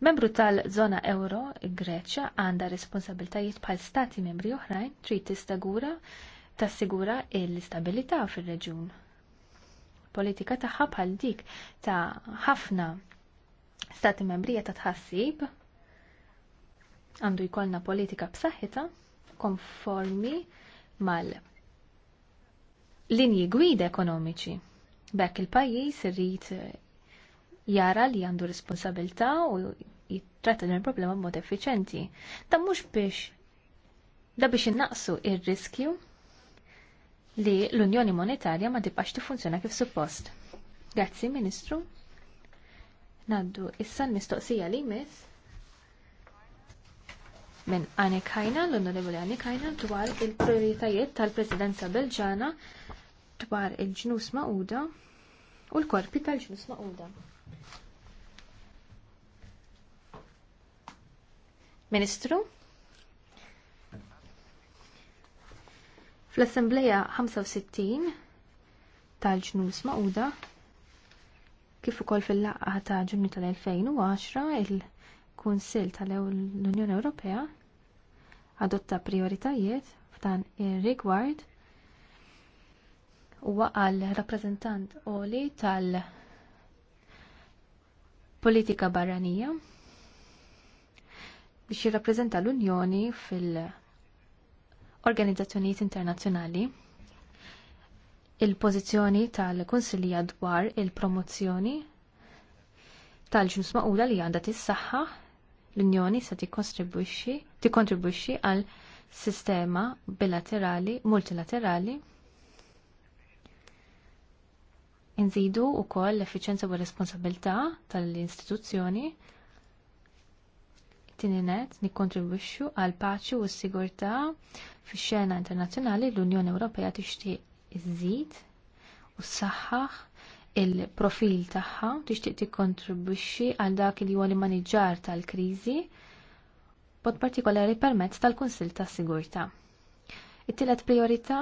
membru tal-żona euro Greċja għandha responsabiltajiet bħal stati membri oħrajn trid tistagura tassigura l-istabilità fir-reġjun. Politika tagħha bħal dik ta' ħafna stati membri ta' tħassib għandu jkollna politika b'saħħitha konformi mal- linji gwida ekonomiċi. Bekk il-pajjiż irrid eh, jara li għandu responsabilità u jittratta din il-problema b'mod effiċenti. Ta' mhux biex da biex innaqsu il riskju li l-Unjoni Monetarja ma tibqax tiffunzjona kif suppost. Grazzi, Ministru. Naddu issa mistoqsija li jmiss minn Anik Hajna, l-Onorevoli Anik Hajna, dwar il-prioritajiet tal-Presidenza Belġana dwar il-ġnus maquda u l-korpi tal-ġnus maquda. Ministru? Fl-Assembleja 65 tal-ġnus maquda kif ukoll fil-laqqa ta' ġunju tal-2010 il-Kunsill tal-Unjoni Ewropea adotta prioritajiet f'dan ir-rigward huwa għal rappreżentant oli tal politika barranija biex jirrappreżenta l-Unjoni fil-organizzazzjonijiet internazzjonali il-pożizzjoni tal-Kunsilija dwar il-promozzjoni tal-ġnus maquda li għandha tissaħħa l-Unjoni se tikkontribwixxi għal sistema bilaterali multilaterali Inżidu wkoll l-effiċenza u r-responsabilità tal-istituzzjoni. Tieni net nikkontribwixxu għal paċi u s-sigurtà fix-xena internazzjonali l-Unjoni Ewropea tixtieq iżid u s-saħħaħ il-profil tagħha tixtieq tikkontribwixxi għal dak li huwa l-maniġġar tal-kriżi b'mod partikolari permezz tal-Kunsill tas-Sigurtà. It-tielet priorità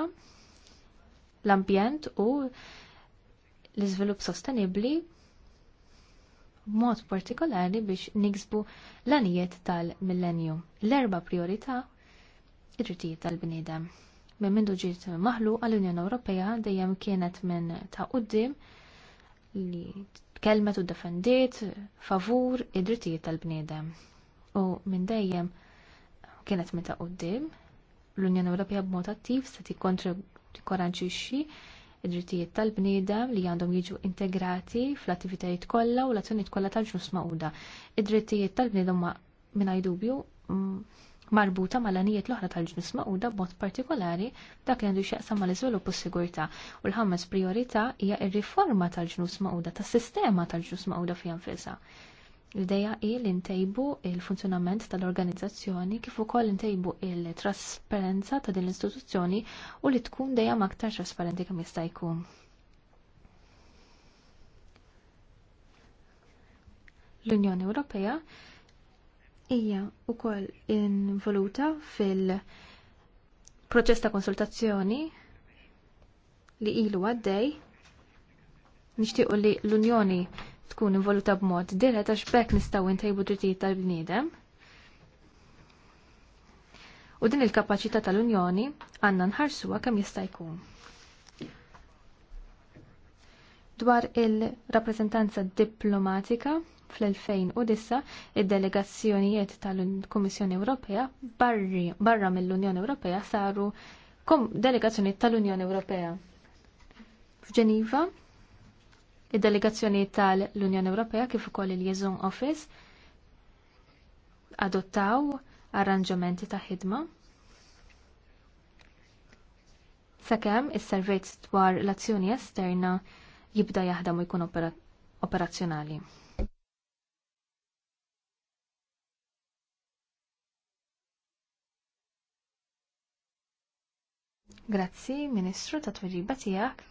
l-ambjent u l-iżvilupp sostenibbli b'mod partikolari biex niksbu l-anijiet tal millenju L-erba priorità id-drittijiet tal-bniedem. Minn mindu ġiet maħlu għall-Unjoni Ewropea dejjem kienet minn ta' qudiem li kelmet u defendiet favur id-drittijiet tal-bniedem. U minn dejjem kienet minn ta' qudiem l-Unjoni Ewropea b'mod attiv se tikkoranġixxi id-drittijiet tal-bniedem li għandhom jiġu integrati fl-attivitajiet kollha u l-azzjonijiet kollha tal-ġnus mawda. Id-drittijiet tal-bniedem ma mingħajr dubju mm, marbuta mal-għanijiet l-oħra tal-ġnus mawda b'mod partikolari dak li għandu x'jaqsam mal-iżvilupp u s-sigurtà. U l-ħames priorità hija r-riforma tal-ġnus Magħquda, tas-sistema tal-ġnus Magħquda fi anfisha. L-ideja hi li ntejbu l funzjonament tal-organizzazzjoni kif ukoll ntejbu il-trasparenza ta' din l-istituzzjoni u li tkun dejjem aktar trasparenti kemm jista' jkun. L-Unjoni Ewropea hija wkoll involuta fil-proċess ta' konsultazzjoni li ilu għaddej nixtiequ li l-Unjoni tkun involuta b'mod dirett għax bekk nistgħu ntejbu drittijiet tal-bniedem. U din il-kapaċità tal-Unjoni għandna nħarsuha kemm jista' jkun. Dwar il-rappreżentanza diplomatika fl-2009 id-delegazzjonijiet tal-Kummissjoni Ewropea barri, barra mill-Unjoni Ewropea saru kom delegazzjonijiet tal-Unjoni Ewropea f'Ġeniva Id-delegazzjoni tal-Unjoni Ewropea kif ukoll il-Liaison Office adottaw arranġamenti ta' ħidma sakemm is servizz dwar l-azzjoni esterna jibda jaħdem u jkun operazzjonali. Grazzi, Ministru, ta' tweġiba tiegħek.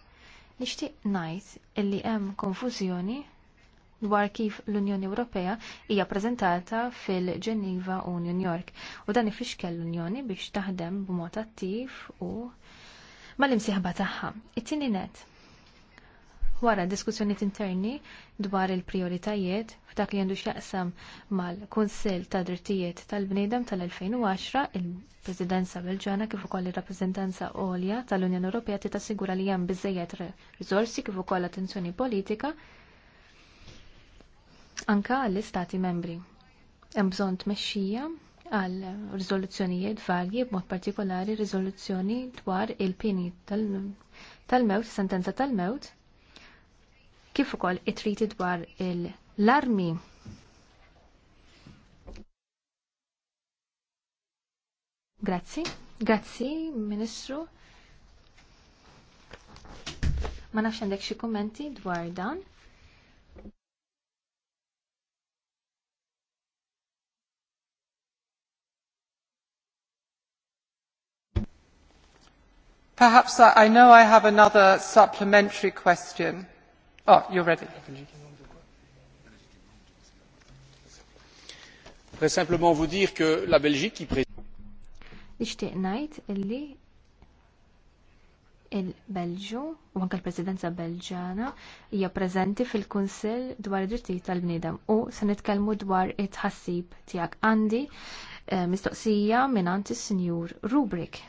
Nixtieq ngħid illi hemm konfużjoni dwar kif l-Unjoni Ewropea hija preżentata fil-Ġeniva u New York. U dan ifixkel l-Unjoni biex taħdem b'mod attiv u mal-imsieħba tagħha. It-tieni net wara diskussjoniet interni dwar il-prioritajiet f'dak li għandu x'jaqsam mal-Kunsill ta' Drittijiet tal-Bniedem tal-2010, il-Presidenza Belġana kif ukoll ir-Rappreżentanza Olja tal-Unjoni Ewropea ti tassigura li hemm biżejjed riżorsi kif ukoll attenzjoni politika anka għall-Istati membri. Hemm bżonn tmexxija għal riżoluzzjonijiet varji b'mod partikolari riżoluzzjoni dwar il-pini tal-mewt, sentenza tal-mewt, kif ukoll it-triti dwar l-armi. Grazzi, grazzi, Ministru. Ma nafx għandek xie kommenti dwar dan. Perhaps I know I have another supplementary question. Oh, you're ready. Très simplement vous dire que la Belgique qui préside. Nixtieq ngħid il-Belġu u anke l-Presidenza Belġana hija preżenti fil-Kunsill dwar id-drittijiet tal-bniedem u se nitkellmu dwar it-ħassib tiegħek għandi eh, mistoqsija mingħand is-Sinjur Rubrik.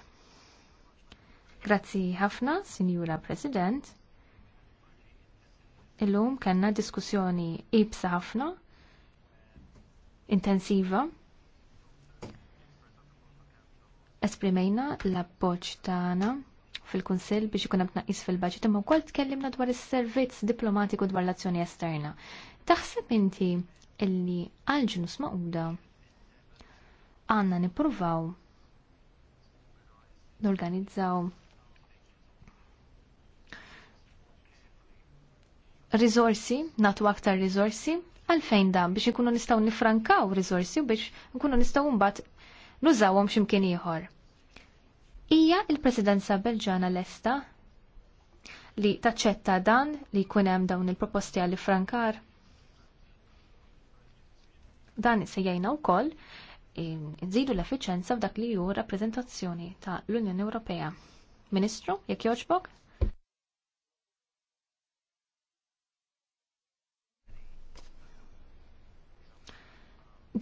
Grazzi ħafna, Sinjura President. Illum kellna diskussjoni ibsa ħafna, intensiva. Esprimejna l-appoġġ tagħna fil-Kunsill biex ikun hemm tnaqqis fil-baġit imma wkoll tkellimna dwar is-servizz diplomatiku dwar l-azzjoni esterna. Taħseb inti illi għal ġnus maquda għandna nippruvaw norganizzaw risorsi, natu aktar risorsi, għalfejn dan biex ikunu nistaw nifrankaw risorsi biex nkunu nistaw mbagħad nużawhom x'imkien ieħor. Ija il-Presidenza Belġana lesta li taċċetta dan li jkun hemm dawn il-proposti għal frankar. Dan se jgħinna wkoll nżidu l-effiċenza f'dak li hu rappreżentazzjoni ta' l-Unjoni Ewropea. Ministru, jekk jogħġbok?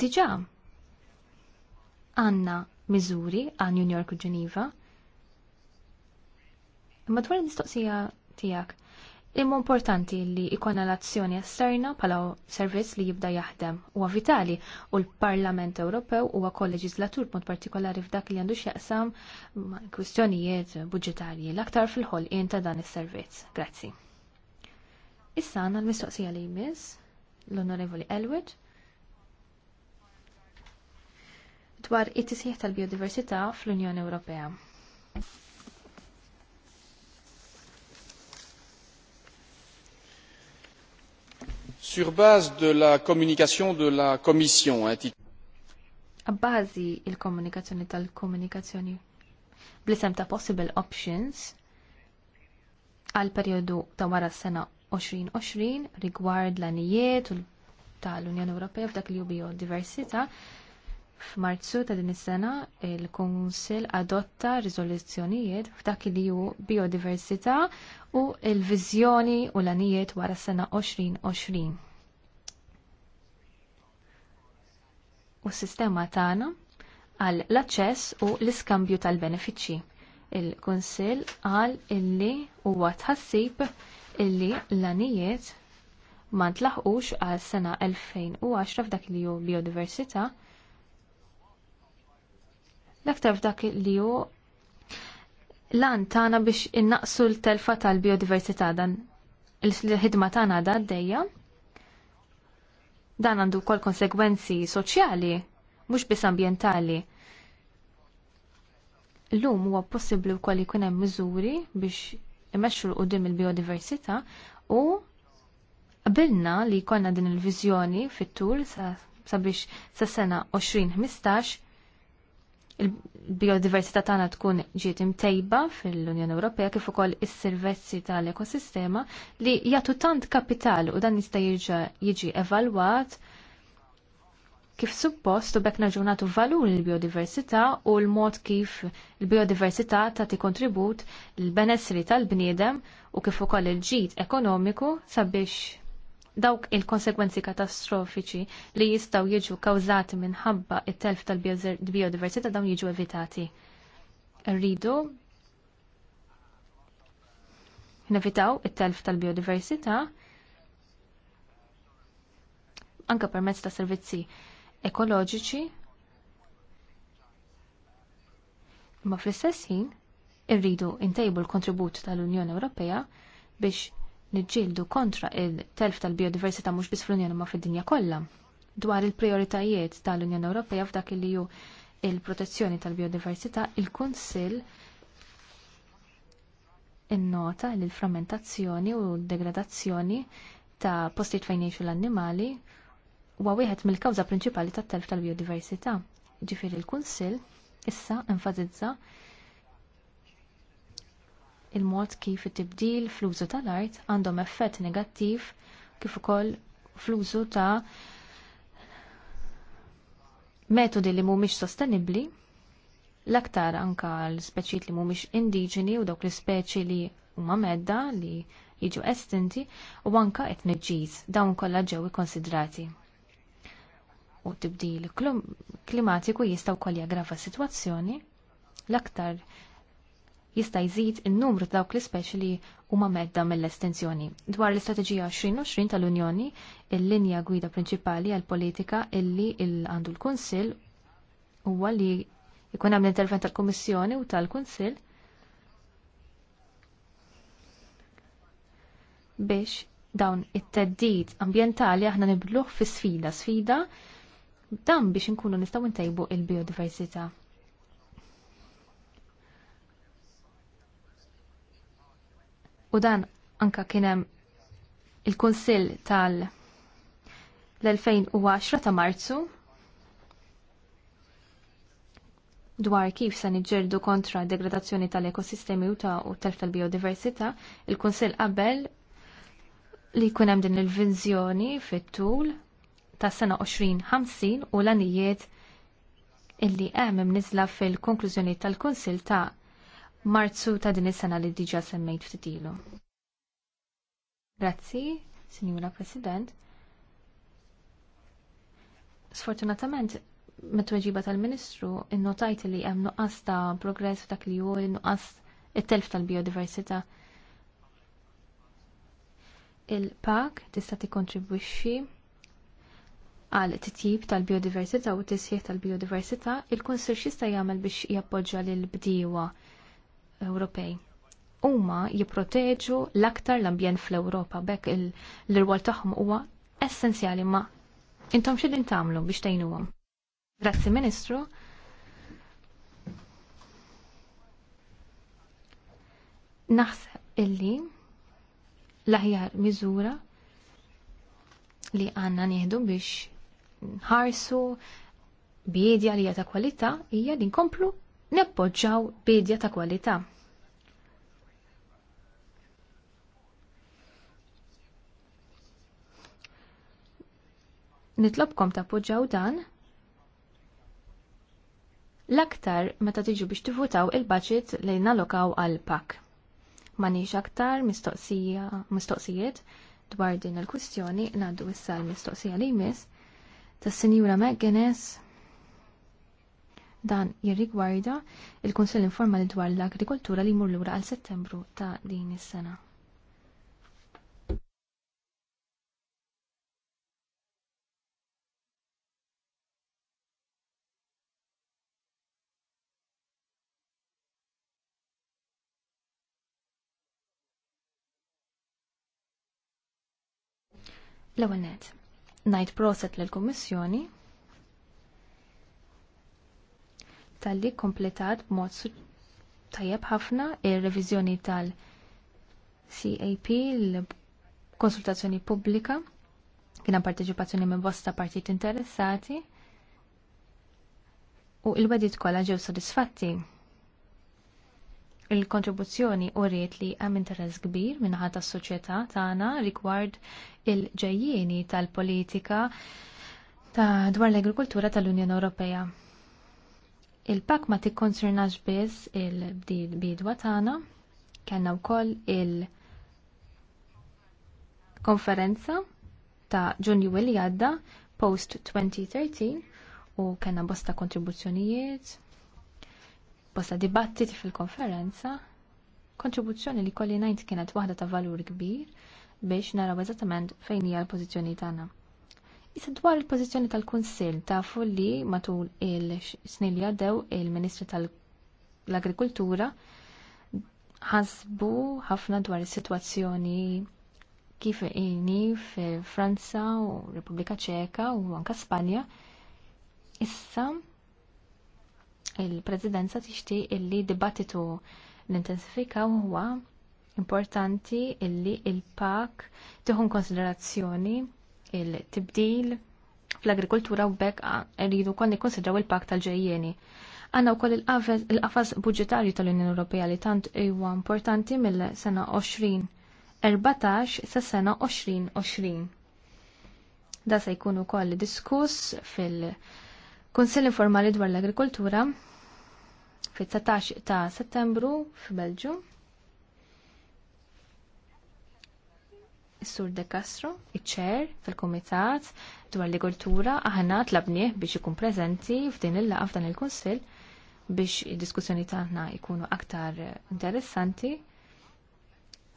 Diġà għandna miżuri għan New York u Ġeniva. Ma dwar l-istoqsija tiegħek, imma importanti li ikonna l-azzjoni esterna bħala servizz li jibda jaħdem huwa vitali u l-Parlament Ewropew huwa kol-leġislatur mod partikolari f'dak li għandu x'jaqsam kwistjonijiet budġetarji l-aktar fil-ħolqien ta' dan is-servizz. Grazzi. Issa għandna l-mistoqsija li jmiss l-Onorevoli Elwood. dwar it-tisħiħ tal-biodiversità fl-Unjoni Ewropea. Sur base de la communication de la Commission intitulée Abbażi il-komunikazzjoni tal-komunikazzjoni blisem ta' possible options Al periodu ta' wara sena 2020 rigward l-anijiet tal-Unjoni Ewropea f'dak li ju biodiversità F'Marzu ta' din is-sena il-Kunsill adotta riżoluzzjonijiet f'dak li hu biodiversità u l-viżjoni u l-anijiet wara s-sena 2020. U s-sistema tagħna għal l-aċċess u l-iskambju tal-benefiċċji. Il-Kunsill għal illi huwa tħassib illi l-anijiet ma ntlaħqux għal sena 2010 f'dak li hu biodiversità l-aktar f'dak li hu lan tagħna biex innaqsu l-telfa tal-biodiversità dan il-ħidma tagħna għadha għaddejja. Dan għandu wkoll konsegwenzi soċjali, mhux biss ambjentali. Llum huwa possibbli wkoll jkun hemm miżuri biex imexxu l qudiem il-biodiversità u qabilna li jkollna din il-viżjoni fit-tul sabiex sa sena 2015 il-biodiversità tagħna tkun ġiet imtejba fil-Unjoni Ewropea kif ukoll is-servizzi tal-ekosistema li jagħtu tant kapital u dan jista' jiġi evalwat kif suppost u bekk naġunatu valur il-biodiversità u l-mod kif il-biodiversità tagħti kontribut l-benessri tal-bniedem u kif ukoll il-ġid ekonomiku sabiex dawk il-konsekwenzi katastrofiċi li jistaw jiġu kawżati minħabba it-telf tal-biodiversità dawn jiġu evitati. Rridu nevitaw it-telf tal-biodiversità anka permezz ta' servizzi ekoloġiċi ma fl-istess ħin irridu ntejbu l-kontribut tal-Unjoni Ewropea biex niġġieldu kontra il-telf tal-biodiversità mhux biss fl-Unjoni ma fid-dinja kollha. Dwar il-prioritajiet tal-Unjoni Ewropea f'dak li ju il-protezzjoni tal-biodiversità, il-Kunsill innota li l-frammentazzjoni u d-degradazzjoni ta' postijiet fejn jgħixu l-annimali huwa wieħed mill-kawża prinċipali tat-telf tal-biodiversità. Ġifieri l-Kunsill issa enfasizza il-mod kif it-tibdil fl-użu tal-art għandhom effett negattiv kif ukoll fl-użu ta' metodi li mhumiex sostenibbli l-aktar anka l-speċijiet li mhumiex indiġeni u dawk l-speċi li huma medda li jiġu estinti u anka etniġiż dawn kollha ġew ikkonsidrati. U tibdil klimatiku jista' wkoll jaggrava s-sitwazzjoni l-aktar jista' jżid in-numru ta' dawk l-ispeċi li huma medda mill-estensjoni. Dwar l-Istrateġija 2020 tal-Unjoni, il-linja gwida prinċipali għall politika illi għandu l-Kunsill huwa li jkun hemm l-intervent tal-Kummissjoni u tal-Kunsill biex dawn it-teddid ambjentali aħna nibluħ fi sfida, sfida dan biex inkunu nistgħu ntejbu il-biodiversità. U dan anka kienem il-Kunsill tal- l-2010 ta' Marzu dwar kif se niġġeldu kontra degradazzjoni tal-ekosistemi u ta' u tal biodiversità, il-Kunsill qabel li jkun hemm din il-vinżjoni fit-tul ta' sena 2050 u l-anijiet illi hemm imniżla fil-konklużjoni tal-Kunsill ta' Marzu ta' din is-sena li diġa semmejt ftit ilu. Grazzi, Sinjura President. Sfortunatament, met-tweġiba tal-Ministru, innotajt li hemm nuqqas ta' progress f'dak li hu nuqqas it-telf tal-biodiversità. Il-PAK tista' tikkontribwixxi għal titjib tal-biodiversità u tisjih tal-biodiversità, il-Kunsil xista jagħmel biex jappoġġja lil bdiewa Ewropej. Huma jipproteġu l-aktar l-ambjent fl-Ewropa bekk l-irwol tagħhom huwa essenzjali ma intom x'idin tagħmlu biex tgħinuhom. Grazzi Ministru. Naħseb illi l-aħjar miżura li għanna nieħdu biex nħarsu biedja li ta' kwalità hija li nkomplu neppoġġaw bidja ta' kwalità. Nitlobkom tappoġġaw dan l-aktar meta tiġu biex tivutaw il-budget li nalokaw għal pak. Manix aktar mistoqsijiet dwar din il-kwistjoni ngħaddu issa l-mistoqsija li jmiss tas-Sinjura McGuinness dan jirrigwarda il-Kunsill Informali dwar l-Agrikoltura li jmur lura għal Settembru ta' din is-sena. L-ewwel net, ngħid proset lill-Kummissjoni tal-li kompletat b'mod tajjeb ħafna ir-reviżjoni tal-CAP l-konsultazzjoni pubblika kien hemm parteċipazzjoni minn bosta partit interessati u l-wedit kollha ġew sodisfatti Il-kontribuzzjoni u uriet li hemm interess kbir minnaħa tas-soċjetà tagħna rigward il-ġejjieni tal-politika ta' dwar l-agrikoltura tal-Unjoni Ewropea. Il-pak ma tikkonsernax biss il-bidwa tagħna, kellna wkoll il-konferenza ta' Ġunju li għadda post 2013 u kellna bosta kontribuzzjonijiet, bosta dibattiti fil-konferenza, kontribuzzjoni li kolli najt kienet waħda ta' valur kbir biex naraw eżattament fejn hija l-pożizzjoni tagħna. Issa dwar il-pożizzjoni tal-Kunsill tafu li matul il-snin li għaddew il-Ministri tal-Agrikultura ħasbu ħafna dwar is-sitwazzjoni kif ini fil-Franza u Repubblika Ċeka u anka Spanja. Issa il-Presidenza tixti illi dibattitu l u huwa importanti illi il-pak tieħu konsiderazzjoni il-tibdil fl-agrikoltura u bekk rridu kon nikkonsidraw il-pak tal-ġejjeni. Għanna u koll il-qafas budġetarju tal-Unjoni Ewropea li tant huwa importanti mill-sena 2014 sa sena 2020. Da se jkunu ukoll diskuss fil- Konsil informali dwar l-agrikoltura fit-19 ta' settembru f'Belġu. Is-Sur De Castro, iċ-ċer fil-Kumitat dwar l-Agrikoltura, aħna tlabnieh biex ikun preżenti f'din il-laqgħa f'dan il-Kunsill biex id-diskussjoni tagħna jkunu aktar interessanti.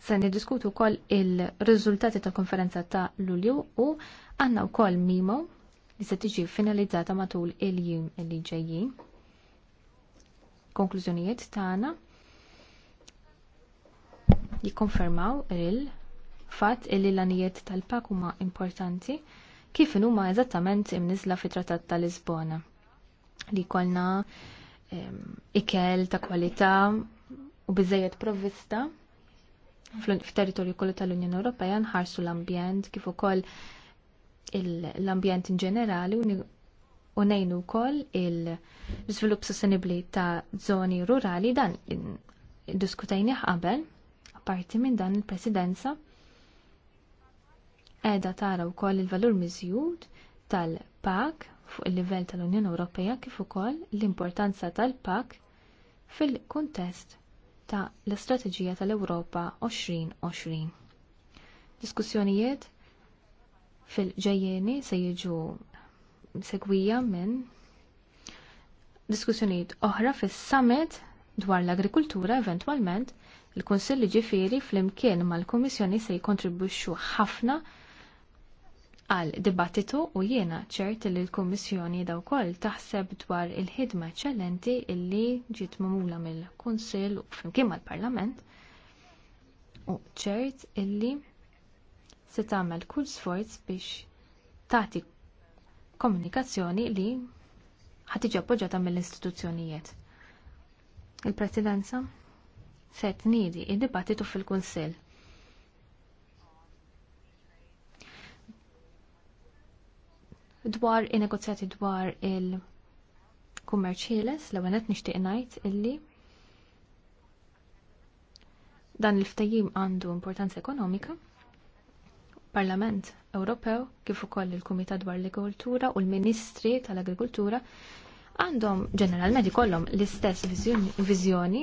Se niddiskutu wkoll il-riżultati tal-konferenza ta' Lulju u għandna wkoll mimo li se tiġi finalizzata matul il-jum li ġejjin. Konklużjonijiet tagħna jikkonfermaw il-fatt li l-anijiet tal-pak huma importanti kif huma eżattament imnisla fit-Trattat ta' Lisbona li jkollna ikel ta' kwalità u biżejjed provvista f'territorju kollu tal-Unjoni Ewropea nħarsu l-ambjent kif ukoll l-ambjent in ġenerali u nejnu kol il iżvilupp sostenibli ta' zoni rurali dan diskutajni qabel, apparti minn dan il-presidenza, edha tara u il-valur miżjud tal-PAK fuq il-livell tal-Unjoni Ewropea kif ukoll l-importanza tal-PAK fil-kuntest ta' l-Istrateġija tal-Ewropa 2020. Diskussjonijiet fil-ġejjeni se jiġu segwija minn diskussjonijiet oħra fis-summit dwar l-agrikultura eventwalment il-Kunsill li ġifieri flimkien mal-Kummissjoni se jkontribwixxu ħafna għal dibattitu u jiena ċert li l-Kummissjoni daw koll taħseb dwar il-ħidma eċċellenti illi ġiet mamula mill-Kunsill u flimkien mal-Parlament u ċert illi se tagħmel kull sforz biex tagħti komunikazzjoni li ħad tiġi appoġġjata mill-istituzzjonijiet. Il-Presidenza se tniedi d dibattitu fil-Kunsill. Dwar in-negozjati dwar il-kummerċ ħieles, l-ewwel qed nixtieq ngħid illi dan il-ftajim għandu importanza ekonomika Parlament Ewropew kif ukoll il-Kumitat dwar l-Agrikoltura u l-Ministri tal-Agrikoltura għandhom ġeneralment ikollhom l-istess viżjoni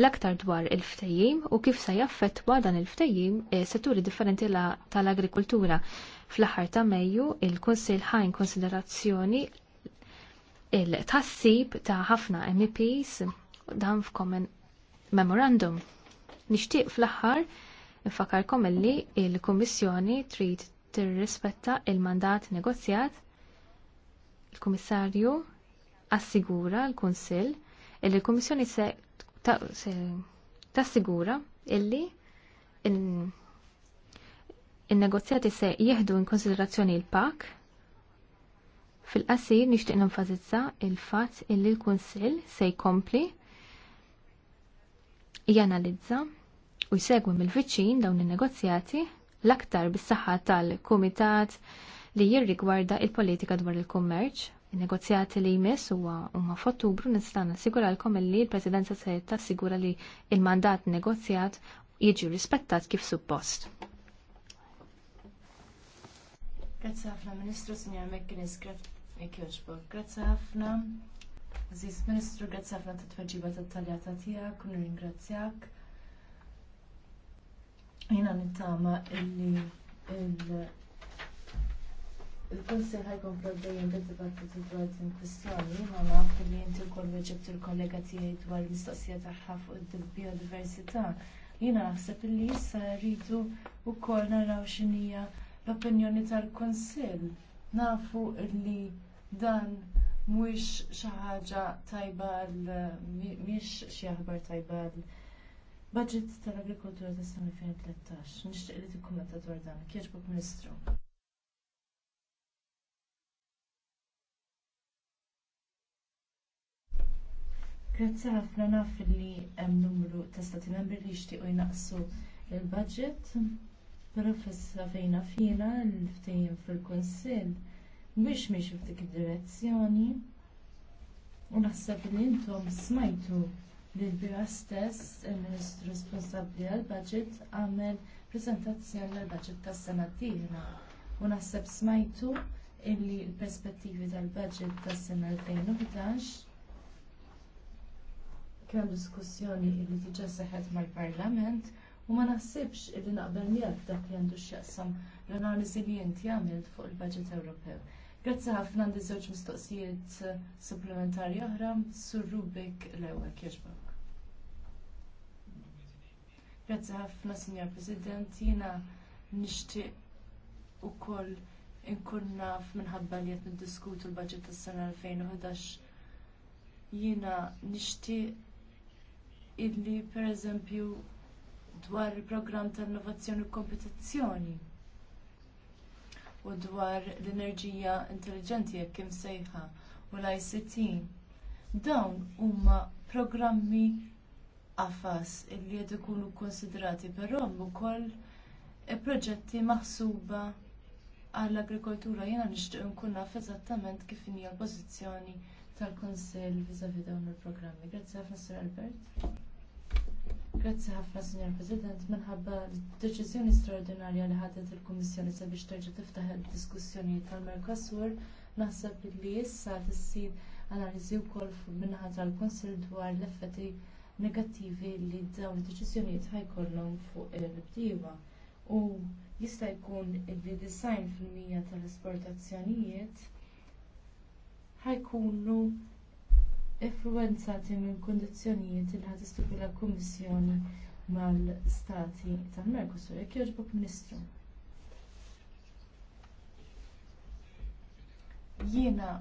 l-aktar dwar il-ftejjim u kif se jaffettwa dan il-ftejjim e setturi differenti tal-agrikoltura. Fl-aħħar ta' Mejju, il-Kunsill ħajn konsiderazzjoni il-tassib ta' ħafna MEPs dan f'common memorandum. Nixtieq fl-aħħar Nifakarkom illi il-Kummissjoni trid tirrispetta il-mandat negozjat. Il-Kummissarju assigura l-Kunsill il illi l-Kummissjoni se tassigura illi n negozjati se jieħdu in konsiderazzjoni l-PAK Fil-qasir nixtieq nenfasizza il-fatt illi l-Kunsill se jkompli janalizza u jsegwi mill-viċin dawn in-negozjati l-aktar bis-saħħa tal-kumitat li jirrigwarda il-politika dwar il-kummerċ. Il-negozjati li jmiss huwa huma f'Ottubru nista' nassiguralkom li l-Presidenza se tassigura li l mandat negozjat jiġi rispettat kif suppost. Grazzi ħafna Ministru, Sinjor Mekkinis, Ekjoġbog. Grazzi ħafna. Aziz Ministru, grazzi ħafna ta' tweġiba ta' taljata tijak, kun ringrazzjak. Jina nittama illi il kunsi ħajkun fl-għaddejjem bid-dibattitu dwar din kwistjoni, ma naf li inti wkoll weġġebt il-kollega tiegħi dwar l-mistoqsija tagħha fuq il-biodiversità. Jina naħseb illi issa rridu wkoll naraw x'inija l-opinjoni tal-konsil. Nafu illi dan mhuwiex xi ħaġa tajba mhix xi aħbar tajba l Budget tal-Agrikoltura tas sena 2013. Nixtieq li tikkumenta dwar dan. Kieġbok Ministru. Grazzi ħafna naf li hemm numru ta' stati membri li jixtiequ jnaqsu il-budget, però fissa fejna fina l-ftejjem fil-Kunsill biex miex f'dik id-direzzjoni u naħseb li intom smajtu l-bira stess il-Ministru responsabbli għal-Budget għamel prezentazzjoni għal-Budget tas sena d-dieħla u naħseb smajtu illi l-perspettivi tal-Budget tas sena 2011 kemm diskussjoni illi diġà seħħet mal-Parlament u ma naħsibx illi naqbel miegħek dak li għandu x'jaqsam l-analiżi li inti għamilt fuq il-Budget Ewropew. Grazzi ħafna għandi żewġ mistoqsijiet supplementari oħra, Sur Rubik l-ewwel kieġba. Grazzi ħafna, Signor President, jina nishtiq u koll inkun naf minħabba li qed niddiskutu l-budget tas-sena 2011. Jina nixtieq illi pereżempju dwar il-programm ta' innovazzjoni u kompetizzjoni u dwar l-enerġija intelligenti jekk hemm sejħa u l-ICT. Dawn huma programmi qafas illi qed ikunu konsidrati perhom ukoll proġetti maħsuba għall-agrikoltura jiena nixtieq nkun naf eżattament kif hija l-pożizzjoni tal-Kunsill vis-à-vis dawn il-programmi. Grazzi ħafna Sir Albert. Grazzi ħafna Sinjor President minħabba deċiżjoni straordinarja li ħadet il-Kummissjoni sabiex terġa' tiftaħ id-diskussjoni tal-Mercosur naħseb li issa tissir analiżi wkoll min-naħa tal-Kunsill dwar l-effetti negattivi li dawn id-deċiżjonijiet ħajkollhom fuq il-bdiewa u jista' jkun li design fil-mija tal-esportazzjonijiet ħajkunu influwenzati minn kundizzjonijiet li ħad l kummissjoni mal-stati tal-Merkusur. Jekk jogħġbok Ministru. Jiena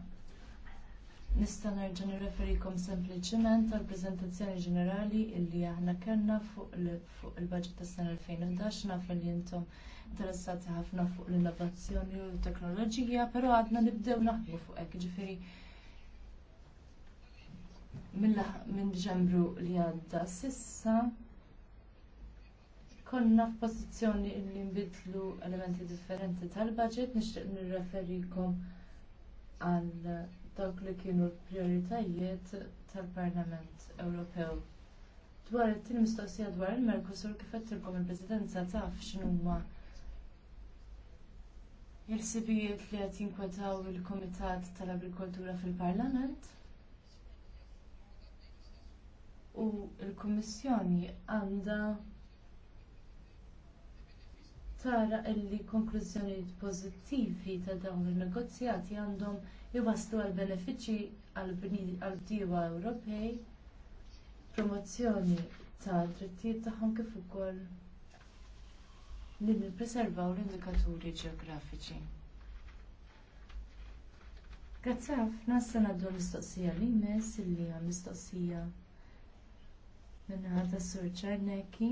Nista' nerġa' nirreferikom sempliċement għall preżentazzjoni ġenerali illi aħna kellna fuq il-baġit tas-sena 2011 naf li intom interessati ħafna fuq l-innovazzjoni u t-teknoloġija, però għadna nibdew naħdmu fuq hekk, ġifieri minn Diċembru li għadda sissa konna f'pożizzjoni li nbidlu elementi differenti tal-budget nixtieq nirreferikom għal dawk li kienu l-prioritajiet tal-Parlament Ewropew. Dwar it-tim mistoqsija dwar il-Merkusur kif qedtilkom il-Presidenza taf x'inhuma il-sibijiet li qed jinkwetaw il-Kumitat tal-Agrikoltura fil-Parlament. U l-Kummissjoni għandha tara illi konklużjonijiet pożittivi ta' dawn in negozjati għandhom jwaslu għal benefiċċji għal bdiewa Ewropej, promozzjoni ta' drittijiet tagħhom kif ukoll li nippreservaw l-indikaturi ġeografiċi. Grazzi ħafna s-sena d mistoqsija li jmiss illi hija mistoqsija minnaħa ta' Sur Czarnecki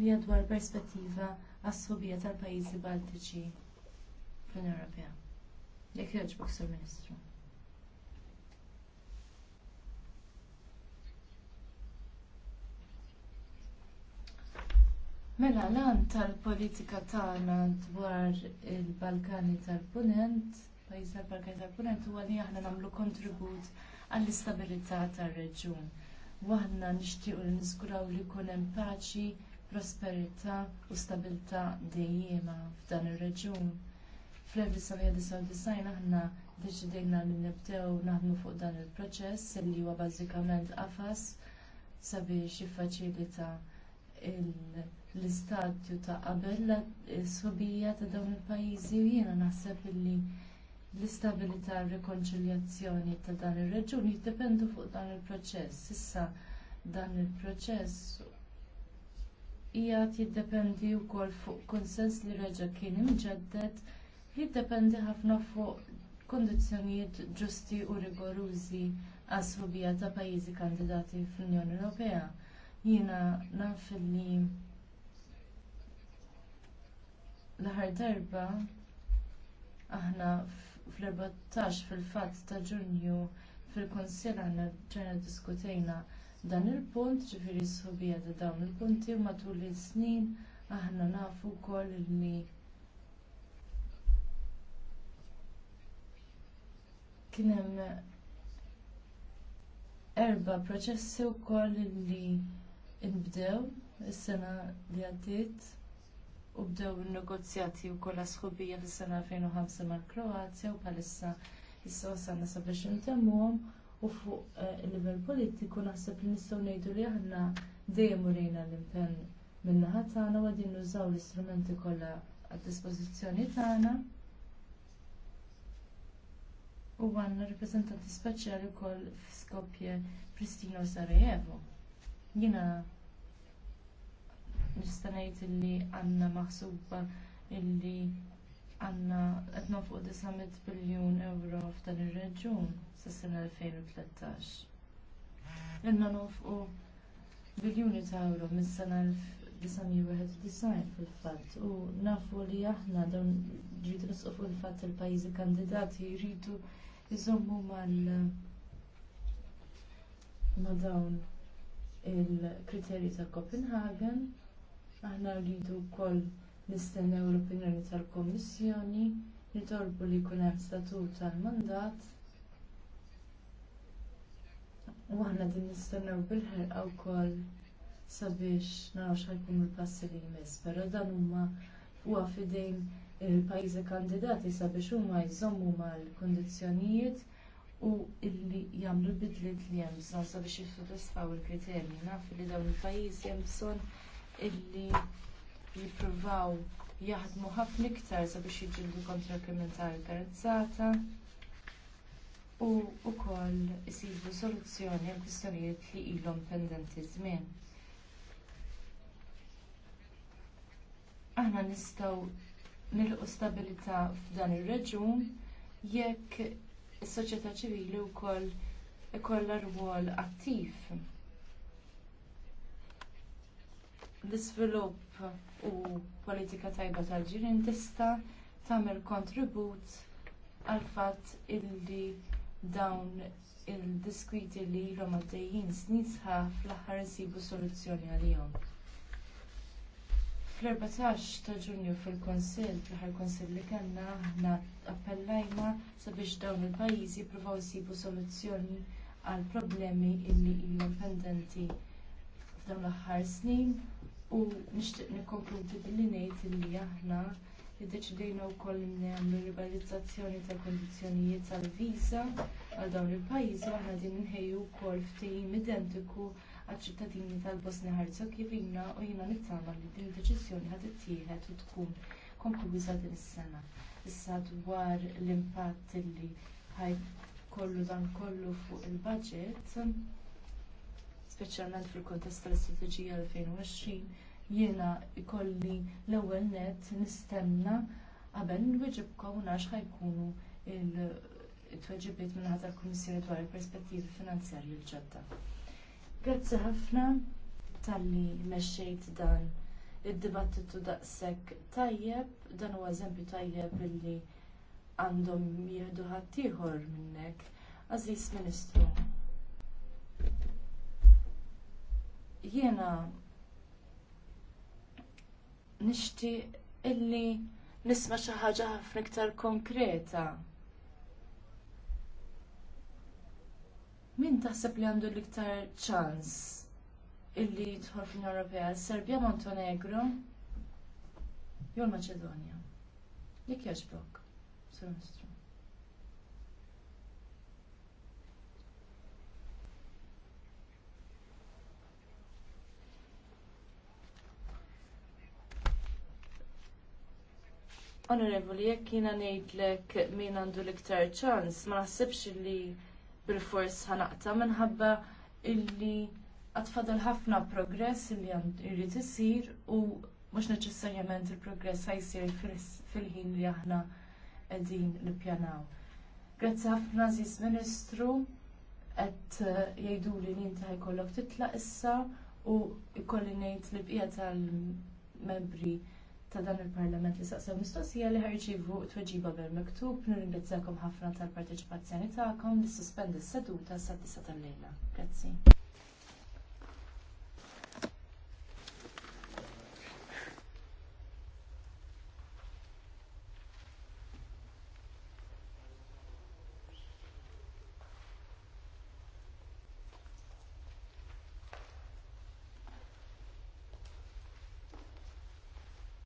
li għadwar perspettiva għas-subija tal-pajjiżi Baltiċi fl-Ewropea. Jekk jogħġbok sur Ministru. Mela lan tal-politika tagħna dwar il-Balkani tal-Punent, pajjiż tal-Balkani tal-Punent huwa li aħna nagħmlu kontribut għall-istabilità tar-reġjun. Waħna nixtiequ li niskuraw li jkun hemm paċi prosperità u stabilità dejjema f'dan ir-reġjun fl-1999 aħna deċidejna li nibdew naħdmu fuq dan il-proċess li huwa bażikament qafas sabiex jiffaċilita l-istadju ta' qabel is-sobija ta' dawn il-pajjiżi u jiena naħseb li l-istabilità u r-rikonċiljazzjoni ta' dan ir-reġun jiddependu fuq dan il-proċess. Issa dan il-proċess hija jiddependi wkoll fuq konsens li reġa' kien imġedded jiddependi ħafna fuq kundizzjonijiet ġusti u rigorużi għas subija ta' pajjiżi kandidati fl-Unjoni Ewropea. Jiena naf li l-aħħar darba aħna fl-14 fil-fatt ta' Ġunju fil-Kunsill aħna ġena diskutejna dan il-punt ġifieri s-ħubija ta' dawn il-punti matul is-snin aħna nafu wkoll li kien hemm erba proċessi wkoll li nbdew is-sena li għaddiet u bdew in-negozjati wkoll sħubija fis-sena 2005 mal-Kroazja u bħalissa issa wasalna sabiex intemmhom u fuq eh, il-livell politiku naħseb li nistgħu ngħidu li aħna dejjem urejna l-impenn min-naħa tagħna u qegħdin nużaw l-istrumenti kollha għad-dispożizzjoni tagħna u għandna rappreżentanti speċjali wkoll f'Skopje Pristina u Sarajevo. Jiena nista' ngħid illi għandna maħsuba illi għandna qed nofqu 900 biljun euro f'dan ir-reġjun sas-sena 2013. Inna nofqu biljuni ta' euro minn sena 1991 fil-fatt u nafu li aħna dawn ġridu nisqu l fatt il-pajjiżi kandidati jridu iżommu mal ma' dawn il-kriterji ta' Copenhagen. Aħna rridu wkoll nistennew l-opinjoni tal li nitolbu li jkun hemm statut tal-mandat. U aħna din nistennew bil-ħerqa wkoll sabiex naraw x'ħajkun il-passi li jmiss, però dan huma huwa fidejn il-pajjiżi kandidati sabiex huma jżommu mal-kondizzjonijiet u illi jagħmlu bidliet li hemm bżonn sabiex jissodisfaw il-kriterji. Naf li dawn il-pajjiżi hemm bżonn illi jippruvaw jaħdmu ħafna iktar sabiex jiġġieldu kontra kriminalità organizzata u wkoll isibu soluzzjoni għal kwistjonijiet li ilhom pendenti żmien. Aħna nistgħu nilqu stabilità f'dan ir-reġun jekk is-soċjetà ċivili wkoll ikollha rwol attiv. L-iżvilupp u politika tajba tal-ġirien tista' tagħmel kontribut għal fatt illi dawn il-diskwiti li ilhom għaddejjin snin sħaħ fl-aħħar insibu soluzzjoni għalihom. Fl-14 ta' ġunju fil-Konsil, fl-ħar Konsil li kellna aħna appellajna sabiex dawn il-pajjiżi jippruvaw sibu soluzzjoni għal problemi illi ilhom pendenti f'dawn l-aħħar snin u nixtieq nikkonkludi billi ngħid illi aħna iddeċidejna wkoll li nagħmlu liberalizzazzjoni tal kundizzjonijiet tal-viża għal dawn il-pajjiżi u aħna din inħejju wkoll ftehim identiku għal-ċittadini tal-Bosnia Herzegovina u jiena nittama li din id-deċiżjoni ħad ittieħed u tkun konkluża din is-sena. Issa dwar l-impatt li ħaj kollu dan kollu fuq il-budget, speċjalment fil-kontest tal-istrateġija 2020, jiena ikolli l-ewwel nett nistenna qabel nwiġibkom nax ħajkunu il-tweġibiet minn ħadd tal-Kummissjoni dwar il-perspettivi finanzjarji l-ġodda. Grazzi ħafna tal-li meċċejt dan id-dibattitu daqshekk tajjeb, dan huwa eżempju tajjeb billi għandhom jieħdu ħaddieħor minnek. Aziz Ministru, jiena nixtieq illi nisma' xi ħaġa ħafna iktar konkreta Min taħseb li għandu l-iktar ċans illi jidħol fl Ewropea? Serbia, Montenegro, jew Maċedonja? Jekk jaġbok, Sinistru. Onorevoli, jekk jiena ngħidlek min għandu l-iktar ċans, ma naħsibx li bil-fors ħanaqta minħabba illi għatfadal ħafna progress illi irrit isir u mhux neċessarjament il-progress ħajsir fil-ħin li aħna qegħdin pjanaw Grazzi ħafna Zis Ministru għed eh, jajdu li inti ħajkollok titlaq issa u jkolli ngħid li bqija tal-membri ta' dan il-Parlament li saqsew mistoqsija li ħarġivu tweġiba bil-miktub nirringrazzakom ħafna tal-parteċipazzjoni tagħkom li sospendi s-seduta sa' tisa' tal-lejla. Grazzi.